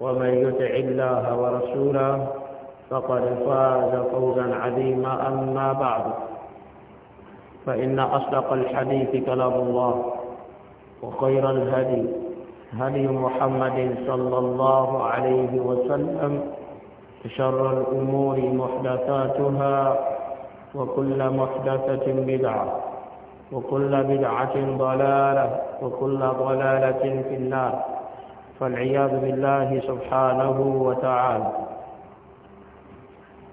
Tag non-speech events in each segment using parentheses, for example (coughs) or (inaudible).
ومن يطع الله ورسوله فقد فاز فوزا عظيما أما بعد فإن أصدق الحديث كلام الله وخير الهدي هدي محمد صلى الله عليه وسلم شر الأمور محدثاتها وكل محدثة بدعة وكل بدعة ضلالة وكل ضلالة في النار فالعياذ بالله سبحانه وتعالى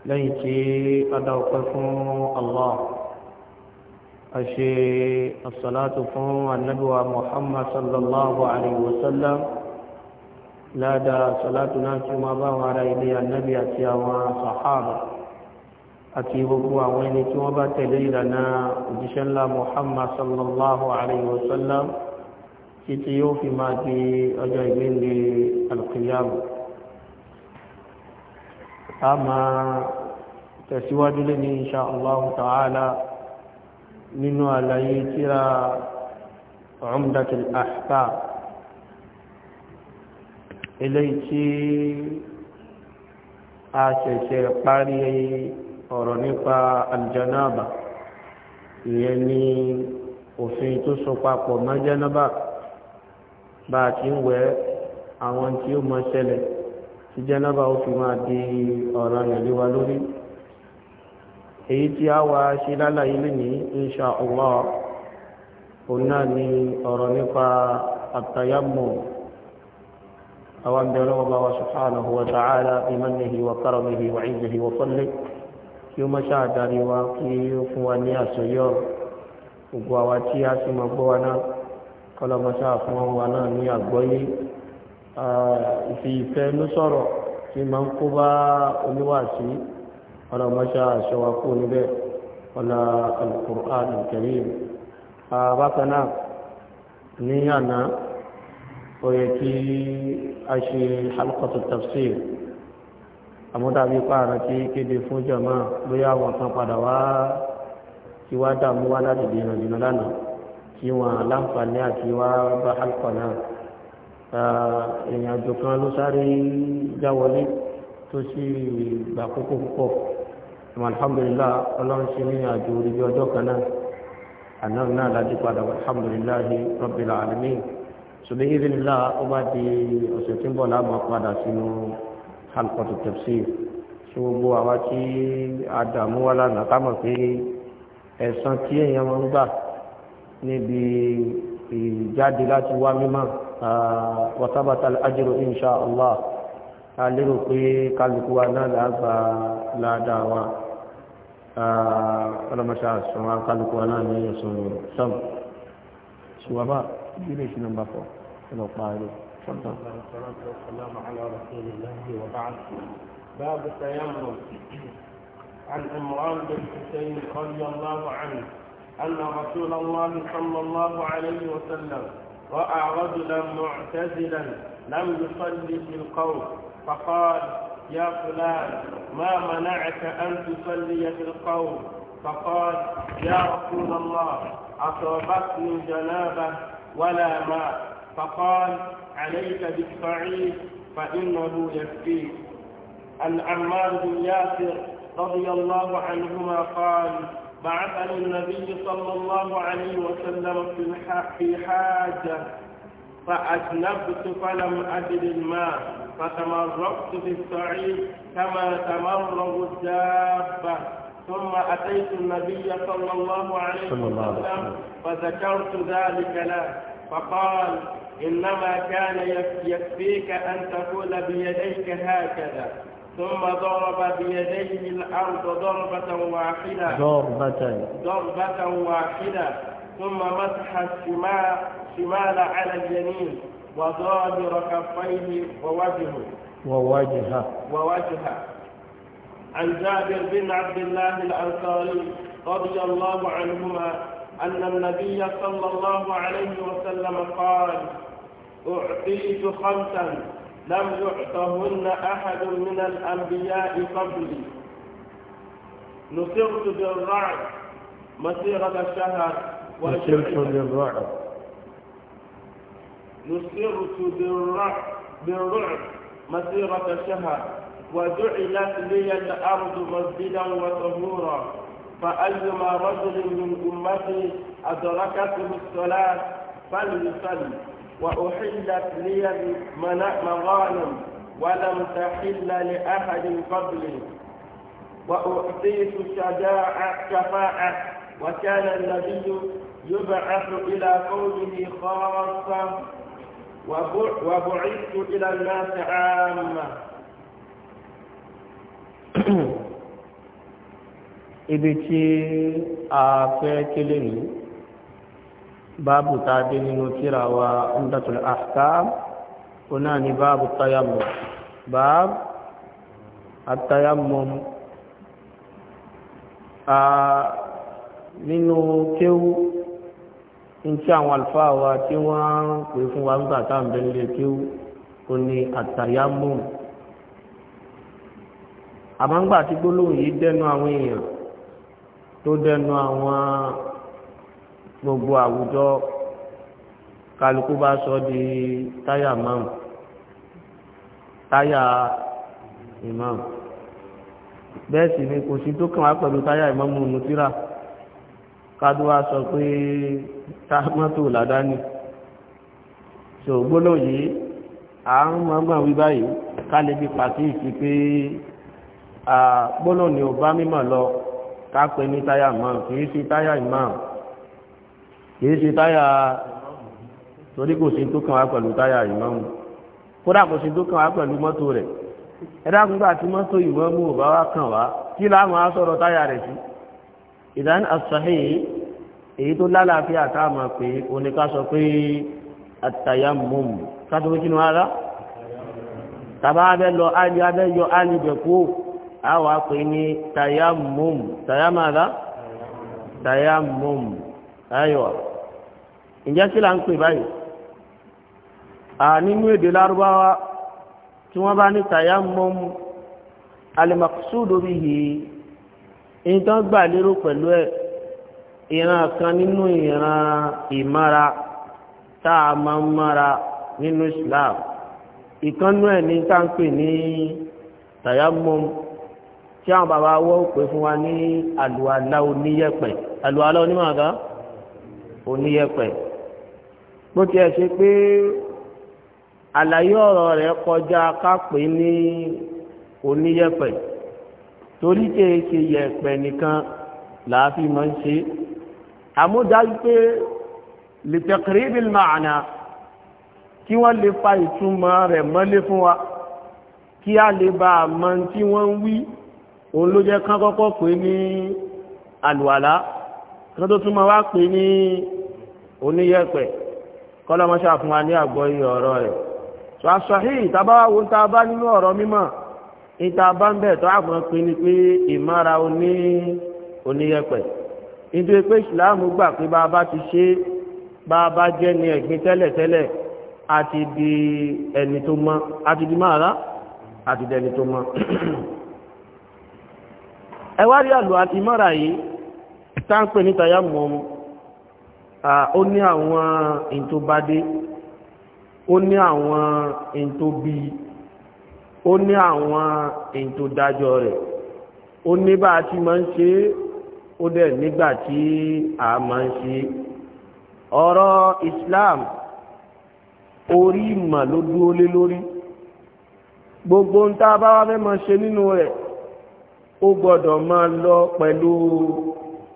ليتي أدوقكم الله أشي الصلاة فون النبوة محمد صلى الله عليه وسلم لا دا صلاة ناس ما باو على إلي النبي أتيا وصحابة أتي بقوة وين توبة تليلنا جشن محمد صلى الله عليه وسلم títí yóò fi máa di ọjọ́ ìgbéǹde alùpùpù a máa tẹ̀síwájú lé ní insha Allah ta'ala nínú àlàyé tíra Umdatul Ahkam eléyìí tí a ṣẹ̀ṣẹ̀ parí ọ̀rọ̀ nípa aljanaba ìyẹn ni òfin tó so papọ̀ mọ́ bá a ti ń wẹ̀ àwọn tí ó mọ ṣẹlẹ̀ tí jẹ́nàbà ó fi máa di ọ̀ràn ìléwà lórí èyí tí a wá ṣe lálàyé lónìí insha Allah òun náà ni ọ̀rọ̀ nípa àtàyàmọ̀ àwọn bẹ̀rẹ̀ wọn wa subhanahu wa ta'ala bimanihi wa karamihi wa izzihi wa fadlihi kí ó mọ́ṣá àdáríwá kí ó fún wa ní àsọyọ́ gbogbo àwa tí a sì mọ̀ gbọ́ wa náà kọlọmọṣá fún wa náà ní àgbọ́yé ìfi ìfẹ́ ló sọ̀rọ̀ tí máa ń kó bá oníwàásí kọlọmọṣá ṣọwá kó níbẹ̀ ọ̀la al-Qur'an al-Karim bákan náà ní àná ó yẹ kí a ṣe halqatu tafsir àmúdàbí pààrọ̀ tí kéde fún jàmáà lóyá àwọn kan padà wá tí wá dààmú wá láti dènà dènà lánàá kí wọn aláǹfààní àti wá bá alkọ náà ìrìn àjò kan ló sáré jáwọlé tó sì gbà kókó púpọ̀ alhamdulillah ọlọ́run sí ní àjò orí bí ọjọ́ kan náà àná náà láti padà alhamdulillah rabbil alamin ṣùgbọ́n ìrìnlá ó bá di ọ̀sẹ̀ tí ń bọ̀ láàmú padà sínú halqatu tafsir tí gbogbo àwa tí àdàmú wà lánàá ká mọ̀ pé ẹ̀san tí èèyàn máa ń gbà níbi ìjáde láti wá mímọ̀ wàtábàtà ajírò insha allah a lérò pé kálukú wa náà lágbà ládàá wa ọlọ́mọṣà sọ wa kálukú wa náà ní ẹ̀sùn sọ́m ṣùgbọ́n ilé ìṣúná nọ́mbà fọ́ ọlọ́pàá rẹ̀ tفضل. والصلاة باب التيمم عن عمران بن حسين رضي الله عنه أن رسول الله صلى الله عليه وسلم رأى رجلا معتزلا لم يصلي في القوم فقال يا فلان ما منعك أن تصلي في القوم فقال يا رسول الله أصابتني جنابة ولا ماء فقال عليك بالصعيد فإنه يكفيك عن عمار بن ياسر رضي الله عنهما قال بعث النبي صلى الله عليه وسلم في حاجة فأجنبت فلم أجد الماء فتمرقت في الصعيد كما تمرغ الدابة ثم أتيت النبي صلى الله عليه وسلم فذكرت ذلك له فقال إنما كان يكفيك أن تقول بيديك هكذا ثم ضرب بيديه الأرض ضربة واحدة ضربة ضربة واحدة ثم مسح الشمال على اليمين وظاهر كفيه ووجهه ووجهه ووجهه عن جابر بن عبد الله الأنصاري رضي الله عنهما أن النبي صلى الله عليه وسلم قال أعطيت خمسا لم يعطهن أحد من الأنبياء قبلي نصرت بالرعب مسيرة الشهر نصرت بالرعب نصرت بالرعب مسيرة الشهر وجعلت لي الأرض مسجدا وطهورا فأيما رجل من أمتي أدركته الصلاة فليصلي وأحلت لي مغانم ولم تحل لأحد قبلي وأعطيت شجاعة شفاعة وكان النبي يبعث إلى قومه خاصة وبعثت إلى الناس عامة (coughs) ibi tí a fẹ́ kílé nìí báàbù tá a dé nínú tírà wa umdatul ahkam ó náà ni báàbù tayammum báàbù atayammum nínú kéwú ní tí àwọn àlùfáà wa tí wọ́n ń pè fún wa nígbà tá à ń bẹ nílé kéwú ó ní atayammum àmọ́ ńgbà tí gbólóhùn yìí dẹnu àwọn èèyàn tó dẹnu àwọn gbogbo àwùjọ kálukú bá sọ di táyà imam táyà imam bẹ́ẹ̀ sì ni kò sí tó kàn wá pẹ̀lú táyà imam nùtírà kádùá sọ pé mọ́tò làdáni so gbóló yìí à ń mọ́gbọ́n wí báyìí ká lè fi pàtí ìfi pé gbóló ni ò bá mímọ̀ lọ ká pè ní táyà imam kì í fi táyà imam kìí ṣe táyà torí kò sí tó kàn wá pẹ̀lú táyà ìmáàmù kódà kò sí tó kàn wá pẹ̀lú mọ́tò rẹ̀ ẹ̀dàkùngbà tí mọ́tò ìmáàmù ò bá wá kàn wá kí láàmù á sọ̀rọ̀ táyà rẹ̀ sí ìdán àṣàhì èyí tó lálàáfíà káàmà pé oníká sọ pé àtàyàmùm kátó pé kí ni wọ́n rá tàbá abẹ́ lọ áli abẹ́ yọ áli bẹ̀kú á wà pé ní tàyàmùm tàyàmàdá tàyàmùm ayọ̀ ǹjẹ́ kí là ń pè báyìí à nínú èdè lárúbáwá tí wọ́n bá ní tayammum al-maqsudu bihi èyí tó ń gbà lérò pẹ̀lú ẹ̀ ìran kan nínú ìran ìmára tá a máa ń mára nínú Islam ìkánú ẹ̀ ní tá ń pè ní tí àwọn bàbá wọ́ pè fún wa ní àlùwàlá oníyẹ̀pẹ̀ àlùwàlá onímọ̀ àgá oníyẹ̀pẹ̀ bó tiẹ̀ ṣe pé àlàyé ọ̀rọ̀ rẹ̀ kọjá kápẹ́ ní oníyẹ̀pẹ̀ torí kìí ṣe yẹ̀pẹ̀ nìkan làáfi máa ń ṣe àmúdájú pé lìtẹ̀kìrìbìl màánà kí wọ́n lè fa ìtumọ̀ rẹ̀ mọ́lé fún wa kí a lè bá a tí wọ́n ń wí òun ló jẹ́ kán kọ́kọ́ pè ní àlùwàlá kí tó túnmọ̀ wá pè ní oníyẹ̀pẹ̀ kọ́lọ́mọ́ṣà fún wa ní àgbọ́yé ọ̀rọ̀ rẹ̀ tó aṣọ́hí ìtàbá wo ta bá nínú ọ̀rọ̀ mímọ́ ìta bá ń bẹ̀ tó àgbọn pé ni pé ìmára oní oníyẹpẹ̀ nítorí pé ìsìláàmù gbà pé bá bá ti ṣe bá bá jẹ́ ní ẹ̀gbin tẹ́lẹ̀tẹ́lẹ̀ àti di ẹni tó mọ́ àti di máa rá àti di ẹni tó mọ́ ẹwà rí àlù àti ìmọ́ra yìí tá ń pè ní tayá ọmọ ó ní àwọn ìntòbádé ó ní àwọn ìntòbí ó ní àwọn ìntòdájọ́ rẹ̀ ó ní bá a ti máa ń ṣe ó dẹ̀ nígbà tí a máa ń ṣe ọ̀rọ̀ Islam orí ìmọ̀ ló dúró lé lórí gbogbo ń tá a bá wá fẹ́ máa ṣe nínú rẹ̀ ó gbọ́dọ̀ máa lọ pẹ̀lú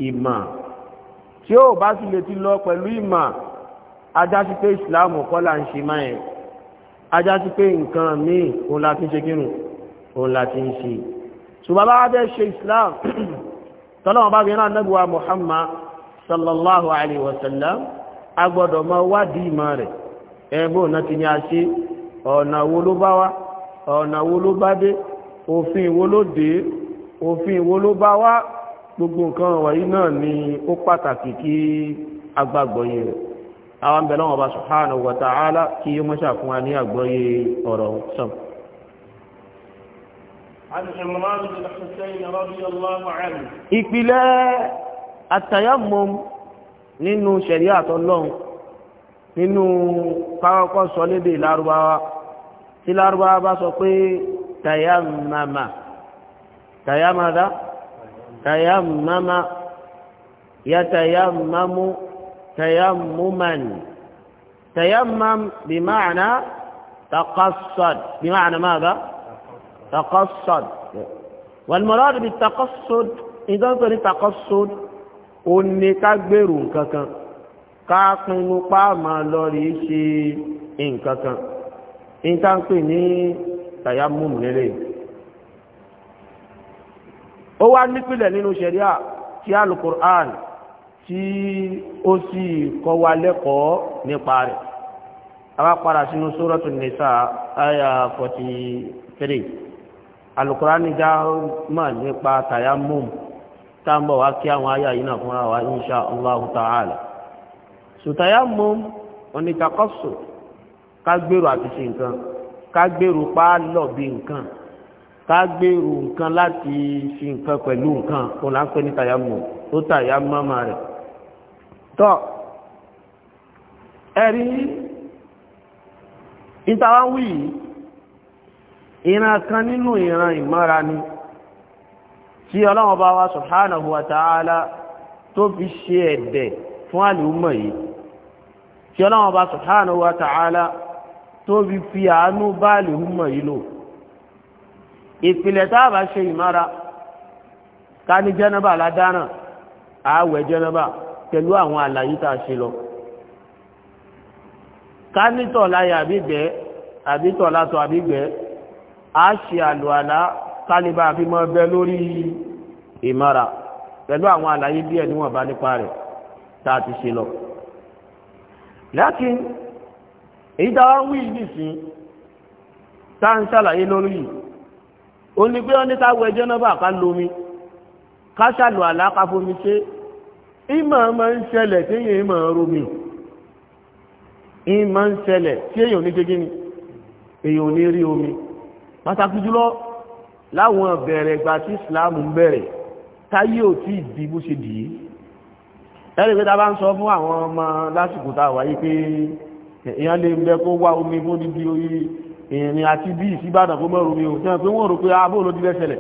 ìmọ̀ tí ó bá sì lè ti lọ pẹ̀lú ìmọ̀ ajá sí pé ìsìláàmù kọ́là ń ṣe máa ẹ̀ ajá sí pé nǹkan míì òun la ṣe kírun òun la ń ṣe ṣùgbọ́n bá bẹ́ ṣe islam (clears throat) tọ́lọ́wọ́ bá bí náà nẹ́gbùwa muhammad sallallahu alaihi wasallam a gbọ́dọ̀ ma wádìí ma rẹ̀ ẹgbẹ́ ọ̀nà ti ní a ṣe ọ̀nà wo ló gbogbo nǹkan wọ̀nyí náà ni ó pàtàkì kí agbàgbọ́yé rẹ̀ àwọn abẹ̀lẹ́ wọn bá subhanahu wa ta'ala kí yóò mọ́ṣà fún wa ní àgbọ́yé ọ̀rọ̀ sọ. ìpìlẹ̀ àtàyàmọ́ nínú ṣẹ̀ríà àtọ́lọ́hún nínú káwọ́kọ́ sọ lédè lárúbáwá tí lárúbáwá bá sọ pé tàyàmàmà tàyàmàdá tayammama يتيمم تيمما تيمم بمعنى تقصد بمعنى ماذا تقصد والمراد بالتقصد إذا كنت تقصد أني تكبر ككا كاكن قام لوريشي إن ككا إن تنقني تيمم لليه ó wá nípìlẹ̀ nínú ṣẹ̀ríà tí alukur'an tí ó sì kọ́ wa lẹ́kọ̀ọ́ nípa rẹ̀ àwa padà sínú sórọ́tù nìsa àyà 43 alukur'an já mà nípa tayammum táàmbọ̀ wá kí àwọn àyà yìí náà fúnra wa insha allahu ta'ala so tayammum onítàkọ́sù ká gbèrò àti ṣe nǹkan ká gbèrò bí nǹkan ká gbèrò nǹkan láti fi nǹkan pẹ̀lú nǹkan òun là ń pè ní tàyámù tó tàyámọ́mà rẹ̀ tọ́ ẹ̀rí ìtawáwí ìran kan nínú ìran ìmọ́ra ni tí ọlọ́wọ́ bá wá subhanahu wa ta'ala tó fi ṣe ẹ̀dẹ̀ fún àlùmọ̀ yìí tí ọlọ́wọ́ bá subhanahu wa ta'ala tó fi fi àánú bá àlùmọ̀ yìí lò ìpìlẹ̀ tá a bá ṣe ìmára ká ní jẹ́nàbà ládáràn àwẹ̀ jẹ́nàbà pẹ̀lú àwọn àlàyé tá a ṣe lọ ká nítọ̀ láyé àbígbẹ́ àbítọ̀ látọ̀ àbígbẹ́ a ṣe àlùwàlá kálíbà àfi mọ́ bẹ lórí ìmára pẹ̀lú àwọn àlàyé díẹ̀ níwọ̀n bá nípa rẹ̀ tá ti ṣe lọ lákìn èyí tá wá ń wí ìdìsín ń ṣàlàyé lórí yìí ó ní pé ọ́nítà wọ ẹjọ́ náà bá ká lomi ká ṣàlù àlákà fomi ṣe ìmọ̀ ọmọ ń ṣẹlẹ̀ tí èyàn ìmọ̀ romi ìmọ̀ ń ṣẹlẹ̀ tí èyàn ní ṣe gíní èyàn ní rí omi pàtàkì jùlọ láwọn bẹ̀rẹ̀ ìgbà tí Islam ń bẹ̀rẹ̀ táyé ò tí ìdí bó ṣe dìí ẹ̀rì pé ta bá ń sọ fún àwọn ọmọ lásìkò tá a pé èyàn ìrìn àti bí ìsíbàdàn kó mọ́rù mi ò tẹ́ pé wọ́n rò pé abóòlò ah, ti lẹ́sẹ̀lẹ̀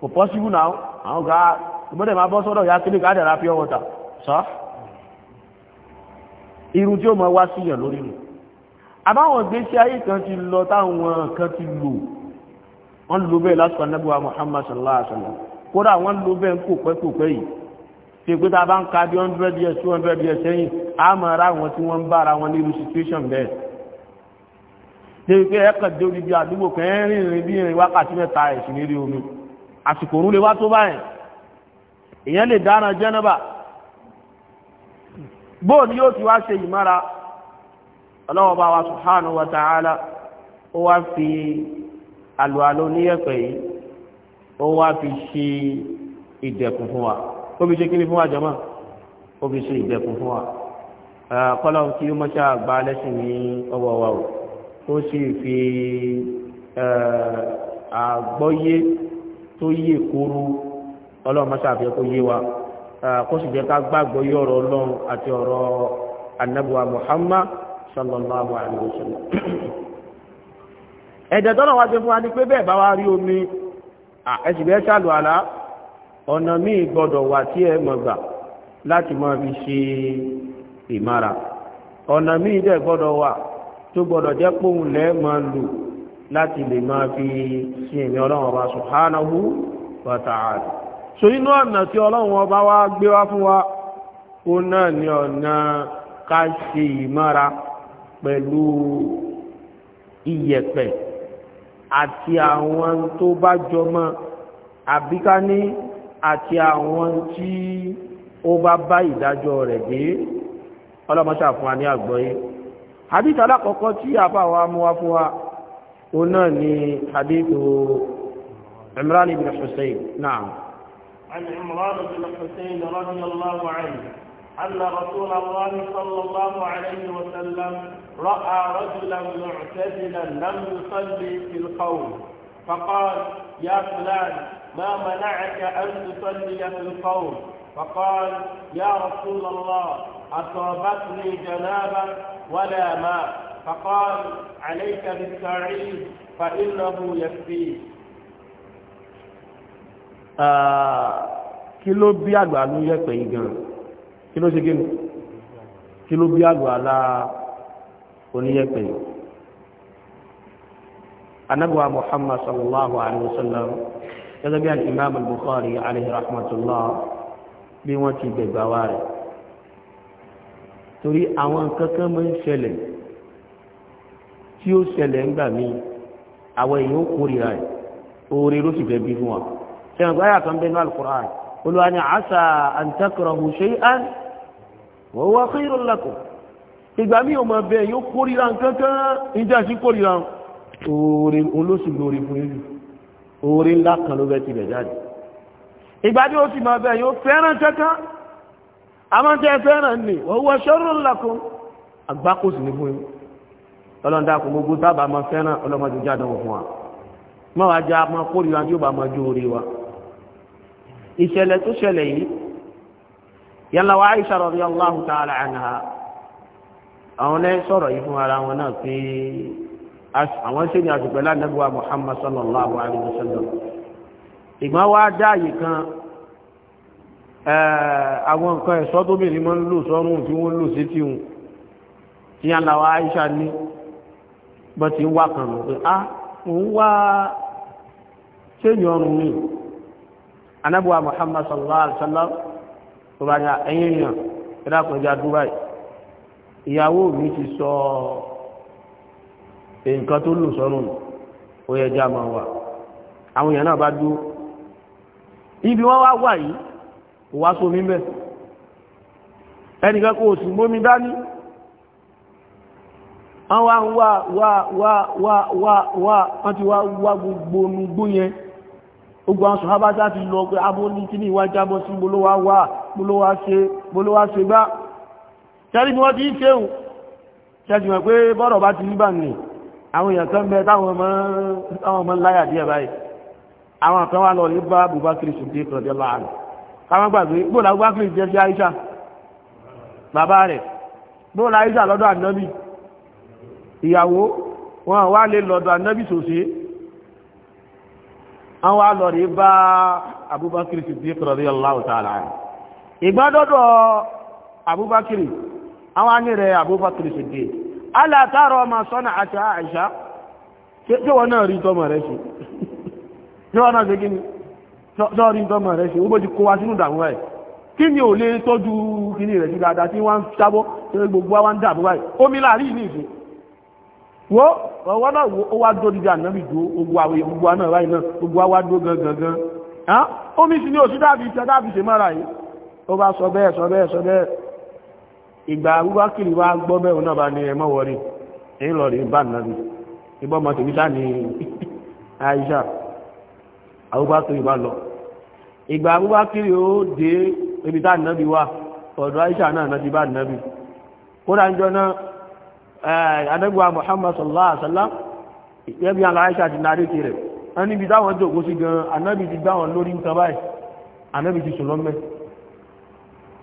kò pọ́síbù náà àwọn ga ìgbọ́dẹ̀ máa bọ́ sọ́dọ̀ ya kílé kádàrá pure water sọ́ irun tí ó mọ wá síyàn lórí nù àbáwọn gbésí ayé kan ti lọ táwọn kan ti lò wọ́n lò bẹ́ẹ̀ lásìkò anábíwá Muhammad sallallahu alaihi wasallam kódà wọ́n lò bẹ́ẹ̀ kò pẹ́ kò pẹ́ yìí ṣe pé tá a bá ń ka bí a máa ra àwọn tí wọ́n ń bára wọn nírú bẹ́ẹ̀ débi pé ẹ kàn dé orí bí àdúgbò kan ẹ rìn rìn bí rìn wákàtí mẹ́ta ẹ̀sìn lérí omi àsìkò òrùn lè wá tó báyìí èèyàn lè dáná jẹ́nàbà bóò ni yóò ti wá ṣe ìmára ọlọ́wọ́ bá wa subhanahu wa ta'ala ó wá fi àlùalọ́ níyẹ̀pẹ̀ yìí ó wá fi ṣe ìdẹ̀kùn fún wa ó fi ṣe kí ni fún wa jàmá ó fi ṣe ìdẹ̀kùn fún wa kọ́lọ́ kí ó mọ́ṣáà gba lẹ́sìn ní ọwọ́ wa o ó sì fi àgbọ́yé tó yé kúrú ọlọ́run mọ́sá àfihàn kó yé wa kó sì jẹ́ ká gbàgbọ́ yé ọ̀rọ̀ ọlọ́run àti ọ̀rọ̀ anabuwa muhammad sallallahu alayhi wa sallam. (clears throat) ẹ̀dẹ̀ tọ́lọ̀ wá ṣe fún wa ni pé bẹ́ẹ̀ bá wá rí omi ẹ̀sìn bẹ́ẹ̀ ṣàlù àlá ọ̀nà míì gbọ́dọ̀ wà tí ẹ mọ̀ gbà láti máa fi ṣe ìmára ọ̀nà míì dẹ̀ gbọ́dọ̀ wà tó gbọ́dọ̀ jẹ́ pòun lẹ́ máa lò láti lè máa fi sí èmi ọlọ́run ọba subhanahu wa ta'ala so inú ọ̀nà tí ọlọ́run ọba wá gbé wá fún wa ó náà ní ọ̀nà ká ṣe ìmára pẹ̀lú iyẹ̀pẹ̀ àti àwọn tó bá jọmọ́ àbíká ní àti àwọn tí ó bá bá ìdájọ́ rẹ̀ dé ọlọ́mọṣà fún wa ní àgbọ́yé hadith alákọ̀ọ́kọ́ tí àbá wa mú wa fún wa o náà ni hadith Imran ibn Hussein náà عن عمران بن حسين رضي الله عنه أن رسول الله صلى الله عليه وسلم رأى رجلا معتزلا لم يصلي في القوم فقال يا فلان ما منعك أن تصلي في القوم فقال يا رسول الله أصابتني جنابا ولا ماء فقال عليك بالسعيد فإنه يكفيه kí ló bí àgbà ló yẹ pẹ̀yìn gan kí ló ṣe gínú kí ló bí àgbà alá oníyẹ̀pẹ̀yìn anábíwá muhammad sallallahu alaihi wasallam gẹ́gẹ́ bí al-imam al-bukhari alaihi rahmatullah bí wọ́n ti gbẹ̀gbà wá rẹ̀ torí àwọn kankan máa ń ṣẹlẹ̀ tí ó ṣẹlẹ̀ ńgbà míì àwọn èèyàn ó kórìíra ẹ̀ oore ló sì fẹ́ bí fún wa ṣẹ̀wọ̀n gbáyà kan bẹ́ẹ̀ náà Al-Qur'an olùwà ni àṣà an takrahu shay'an wa huwa khayrun lakum ìgbà míì ò máa bẹ́ẹ̀ yóò kórìíra kankan ìjà sí kórìíra oore olóṣù lórí fún yín oore ńlá kan ló fẹ́ tilẹ̀ jáde ìgbà tí ó sì máa bẹ́ẹ̀ yóò fẹ́ràn kankan àmọ́ tí ẹ fẹ́ràn ní wọ́wọ́ ṣọ́rọ̀ lakum àgbákòsì ní fún yín ọlọ́ndà kò gbogbo sábà máa fẹ́ràn ọlọ́mọdé jáde wọ̀ fún wa má wàá já máa kórìíra tí ó bá máa jó orí wa ìṣẹ̀lẹ̀ tó ṣẹlẹ̀ yìí yálà wa Aisha radiyallahu ta'ala anha àwọn lẹ́yìn sọ̀rọ̀ yìí fún ara wọn náà pé àwọn ṣe ní àtùpẹ̀lá nẹ́gbà Muhammad sallallahu alayhi wa sallam ìgbọ́n wa dá kan àwọn nǹkan ẹ̀ṣọ́ tó bèèrè mọ́ ń lò sọ́rùn tí wọ́n lò sí tí wọn tí a làwà Aisha ní bọ́ ti wá kan pé a ah, mò ń wá ṣéyìn ọrùn mi anábùwà Muhammad sallallahu alaihi wasallam tó bá yà ah, ẹ̀yìn èèyàn ẹ̀dàkùnjà Dubai ìyàwó mi ti sọ nǹkan tó lò sọ́rùn ó yẹ já máa wà àwọn èèyàn náà bá dúró ibi wọ́n wá kò wá sómi mẹ́ ẹnìkan kò sì mómi dání àwọn wà wà wà wà wà wà wọ́n ti wá wá gbogbo onugbó yẹn ogun àwọn sọ̀hábátá ti lọ pé abó ní kí ní ìwà jábọ́ sí bolówá wà bolówá ṣe bolówá ṣe gbá tẹ́lì bí wọ́n ti ń ṣeun ṣẹ́jùmọ̀ pé bọ́rọ̀ bá ti níbà nì àwọn èèyàn kan bẹ táwọn ọmọ láyà díẹ̀ báyìí àwọn kan wá lọ ní bá Abubakar Siddiq radiyallahu anhu káwọn gbàgbé bóòlù abúgbákìrì jẹ́ sí Aisha bàbá rẹ̀ bóòlù Aisha lọ́dọ̀ ànábì ìyàwó wọn wá lè lọ́dọ̀ ànábì sòsí àwọn alọ̀rí bá Abubakar Siddiq radiyallahu ta'ala ìgbádọ́dọ̀ Abubakar àwọn anírẹ̀ Abubakar Siddiq ala tara ma sana'at Aisha tí wọ́n náà rí tọ́mọ̀ rẹ̀ sí tí wọ́n náà lọ́rí gọ́mọ̀ rẹ̀ ṣe ó kó wá sínú ìdàmú kí ni ò lè tọ́jú rẹ̀ sí dáadáa tí wọ́n ń sábọ́ tí gbogbo omi wo wo ó wá dó dídí ànábì dó àwọn náà gbogbo omi ni dábì dábì yìí ó bá sọ bẹ́ẹ̀ sọ bẹ́ẹ̀ sọ bẹ́ẹ̀ ìgbà abúbákìrì wa gbọ́ bẹ́ẹ̀ náà bá ní ẹmọ́ wọrí èyí (laughs) ìgbà abúbákiri ó dé ibi tá nàbí wà ọ̀dọ̀ aisha náà nàbí bá nàbí kódà ń jọna adẹ́gbà muhammad sallallahu alaihi wasallam yẹ́bí ala aisha ti náà rékè rẹ̀ wọ́n níbi táwọn tó kó sí gan anábi ti gbá wọn lórí nǹkan báyìí anábi ti sùn lọ́mẹ́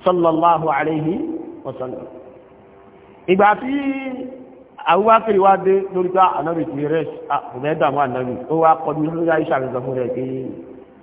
sallallahu alaihi wasallam ìgbà tí abúbákiri wá dé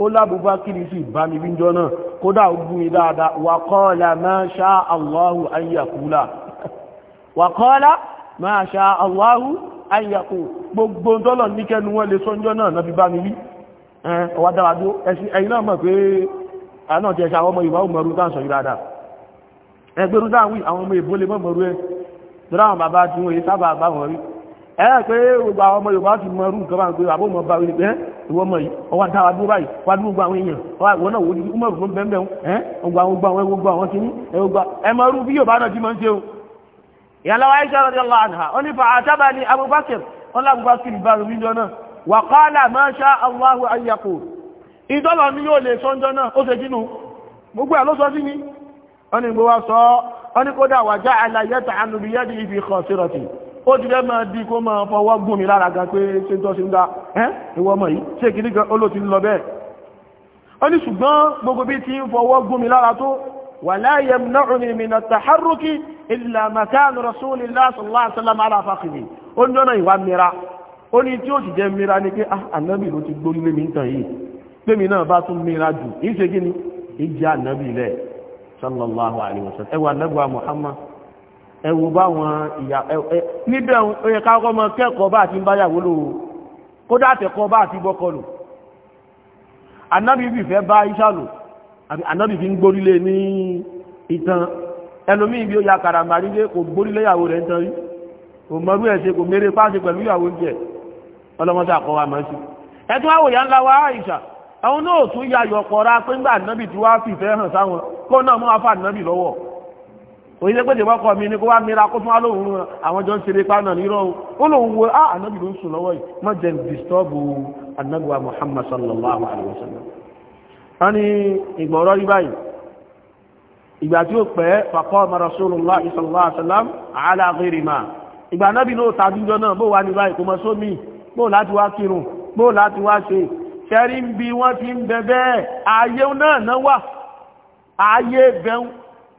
ó lábúbá kí ní sí ìbámi wíjọ náà kódà ogun ìdáadáa wàkọ́ọ̀lá máa ṣá Allahu ayyakula wàkọ́ọ̀lá máa ṣá Allahu ayyakú gbogbo dọ́lọ̀ níkẹnu wọ́n lè sọ́njọ́ náà náà fi bá mi wí ọwá dáradó ẹ̀yìn náà mọ̀ pé àánà ẹ pé gbogbo àwọn ọmọ Yorùbá ti mọ irú nǹkan bá ń pè àbọ̀ mọ̀ bá wí pé ìwọ ọmọ yìí ọwọ́ dáwà dúró báyìí wá dúró àwọn èèyàn ìwọ náà wò ó di fún bẹ́ẹ̀ ẹ gbogbo gbogbo àwọn kìíní ẹ gbogbo bí Yorùbá bá náà ó ti fẹ́ máa di kó máa fọwọ́ gùn mi lára gan pé ṣe ń tọ́ sí ń dá ẹ́ ìwọ ọmọ yìí ṣe kìí gan olóòtú lọ bẹ́ẹ̀ ó ní ṣùgbọ́n gbogbo bí ti ń fọwọ́ gùn mi lára tó wala yamna'uni min at-taharruki illa makan rasulillah sallallahu alaihi wasallam ala fakhidhi ó ní ọ̀nà ìwà mìíra ó ní tí ó sì jẹ́ mìíra ni pé ah, náà ẹwà ànábì muhammad ẹwù báwọn ìyá níbẹ̀ ó yẹ káwọn ọmọ kẹ́kọ̀ọ́ bá àti ń báyàwó lò ó kódà àtẹ̀kọ́ bá àti bọ́kọ lò anábì bí fẹ́ bá iṣá lò anábì ń gbórílé ní ìtàn ẹlòmíì bí ó ya kàràmàrí lé kò gbórílé ìyàwó rẹ̀ ń tan rí kò mọ̀rú ẹ̀ ṣe kò mérè páṣẹ pẹ̀lú ìyàwó ń jẹ ọlọ́mọdé àkọwà mọ́ sí ẹtún òyìnbó pé tèmi ọkọ mi ni kó wá mira kó tún wá lóhùn àwọn jọ ń ṣeré pa náà nírọ̀ ó lóhùn wo ah anabi ló ń sùn lọ́wọ́ yìí má jẹ́ disturb anabi wa muhammad sallallahu alayhi wa sallam. wọ́n ní ìgbà ọ̀rọ̀ rí báyìí ìgbà tí ó pẹ́ faqama rasulullah sallallahu alayhi wa sallam ala ghairi ìgbà anabi ló ta dúdọ náà bó wà ní báyìí kò mọ sómi bó láti wá kírun bó láti wá ṣe ṣẹ́rí bí wọ́n ti ń bẹ bẹ́ẹ̀ ààyè náà náà wà ààyè bẹ́ẹ̀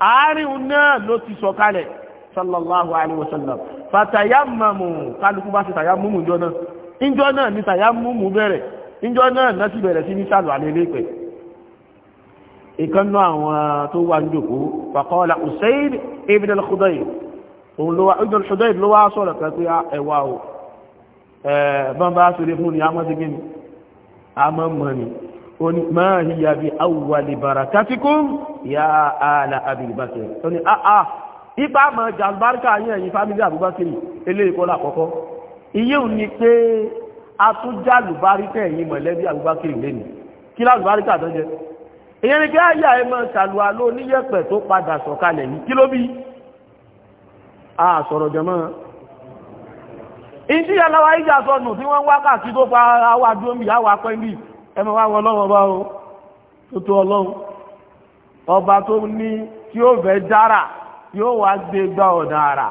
àárín náà ló ti sọ̀kalẹ̀ sallallahu alaihi wasallam fatayammamu kálukú bá ti tayammumu ìjọ náà ìjọ náà ni tayammumu bẹ̀rẹ̀ ìjọ náà náà ti bẹ̀rẹ̀ sí ní sàlù àlélẹ́pẹ̀ ìkanná àwọn tó wà ń jòkó faqala ni oni máa hiya bi awwali barakatikum ya ala abubakar oni a ah, a ah, ipa ma jalbarka yín ẹ̀yin family abubakar ele iko la kọ́kọ́ iye o ní pé a tún jalbarka ẹ̀yin mọ̀lẹ́bí abubakar leni kí la jalbarka tó jẹ́ iye ni ke aya e ma salwa lo ni yepe tó padà sọ̀kalẹ̀ ni kí ló bí a sọ̀rọ̀ jama inji alawa ija sọnù tí wọ́n wá káàkiri tó pa awa dúró mi àwa pẹ́ mi ẹmọ wá wọ ọlọ́run ọba o tó tó ọlọ́run ọba tó ní tí ó fẹ́ dára yóò wá gbé gbá ọ̀dà ara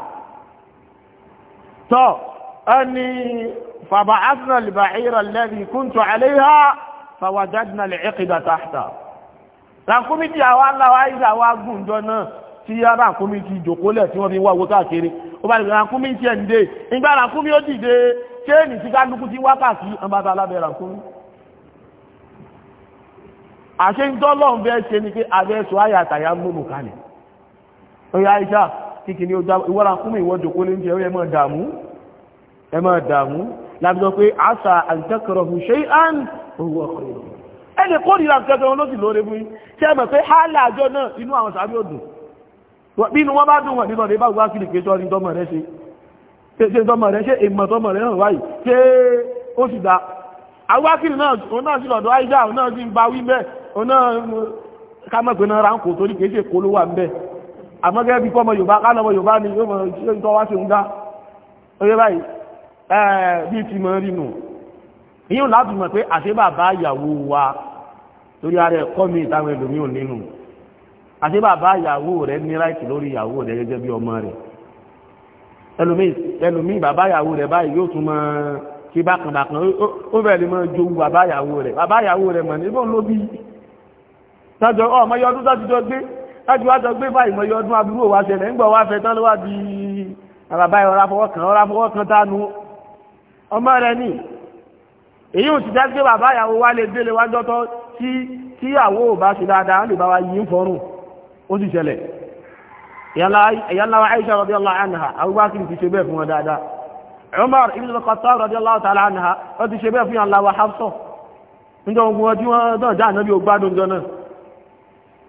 tọ́ ẹni fàbà asnà lìbà ìrọ̀ lẹ́bi kúntù àléhà fàwàjádìnà lè ẹ̀kìdà tàhtà ràkúmìtì àwọn aláwọ̀ àìsà wá gùnjọ náà tí ràkúmìtì ìjòkólẹ̀ tí wọ́n fi wá owó káàkiri ó bá ràkúmìtì ẹ̀ ń dé ìgbà ràkúmì ó dìde ṣéènì tí kálukú ti wákàtí ọmọ bàbá alábẹ̀ àṣẹ ń tọ́lọ̀ ń bẹ́ẹ̀ ṣe ni pé abẹ́ẹ̀ṣọ́ ayà àtàyà ń múlù kalẹ̀ oye àìṣà kíkì ní ọjọ́ ìwọ́ra kúmù ìwọ́jò kó lè ń jẹ ó yẹ mọ́ dààmú ẹ mọ́ dààmú lábíjọ pé àṣà àǹtẹ́kọ̀rọ̀hùn ṣe án owó ọkọ̀ ẹni kó nira kẹta wọn ló sì lóore fún yín ṣe mọ̀ pé hálà àjọ náà inú àwọn sàbí òdùn ọ̀nà kámẹ́gbẹ̀ẹ́ náà ránkò torí kìí ṣe kó ló wà ń bẹ̀ àmọ́gẹ́ bí fọ́mọ yorùbá kálọ́mọ yorùbá ni yóò mọ̀ ṣe ń tọ́ wá sí ń dá oyé báyìí bí ti mọ̀ rí nù yíò láti mọ̀ pé àṣẹ bàbá ìyàwó wa torí ara ẹ̀kọ́ mi ìtàwọn ẹlòmíì nínú àṣẹ bàbá ìyàwó rẹ̀ ní ráìtì lórí ìyàwó rẹ̀ gẹ́gẹ́ bí ọmọ rẹ̀ ẹlòmíì bàbá ìyàwó rẹ̀ báyìí yóò tún mọ̀ ó bẹ̀rẹ̀ mọ́ jowú bàbá ìyàwó rẹ̀ bàbá ìyàwó rẹ̀ mọ̀ níbọn lóbi tájọ ọmọye ọdún tó ti jọ gbé láti wá jọ gbé báyìí mọye ọdún aburú òwà ṣẹlẹ̀ ń gbọ́ wá fẹ́ tán ló wá I àbàbá ọ̀rá fọwọ́ kan ọ̀rá fọwọ́ kan tánu ọmọ rẹ ni èyí ò ti já gbé bàbá ìyàwó wá lè délé wájọ́ tọ́ tí tí àwọ ò bá ṣe dáadáa lè bá wa yí ń fọrùn ó sì ṣẹlẹ̀ ìyáláwà Aisha radiyallahu anha Abubakar ti ṣe bẹ́ẹ̀ fún wọn dáadáa Umar ibn al-Khattab radiyallahu ta'ala anha ó ti ṣe bẹ́ẹ̀ fún ìyáláwà Hafsa níjọ ogun ọdún wọn dán jáà náà bí ó gbádùn jọ náà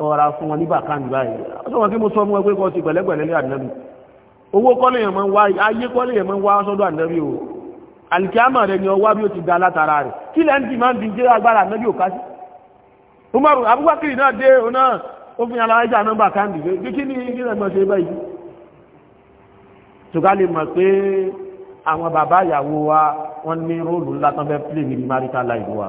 ọ̀rá fún wọn ní bàkánì báyìí ọ̀sán wọn kí mo sọ fún wọn pé kọ́ ti pẹ̀lẹ́pẹ̀lẹ́ lé ànábì owó kọ́lé yẹn máa ń wá ayé kọ́lé yẹn máa ń wá sọ́dọ̀ ànábì o àlìkíámà rẹ ni ọwá bí ó ti da látara rẹ kí lẹ́ ń di máa ń di jẹ́ agbára ànábì ò ká sí umaru abubakar náà dé òun náà ó fi ara ẹja nọ́mbà káńdì pé kí ni kí lẹ́gbọ́n ṣe báyìí ṣùgbọ́n lè mọ̀ pé àwọn bàbá ìyàwó wa wọ́n ní róòlù ńlá tán fẹ́ pílè ní marital life wa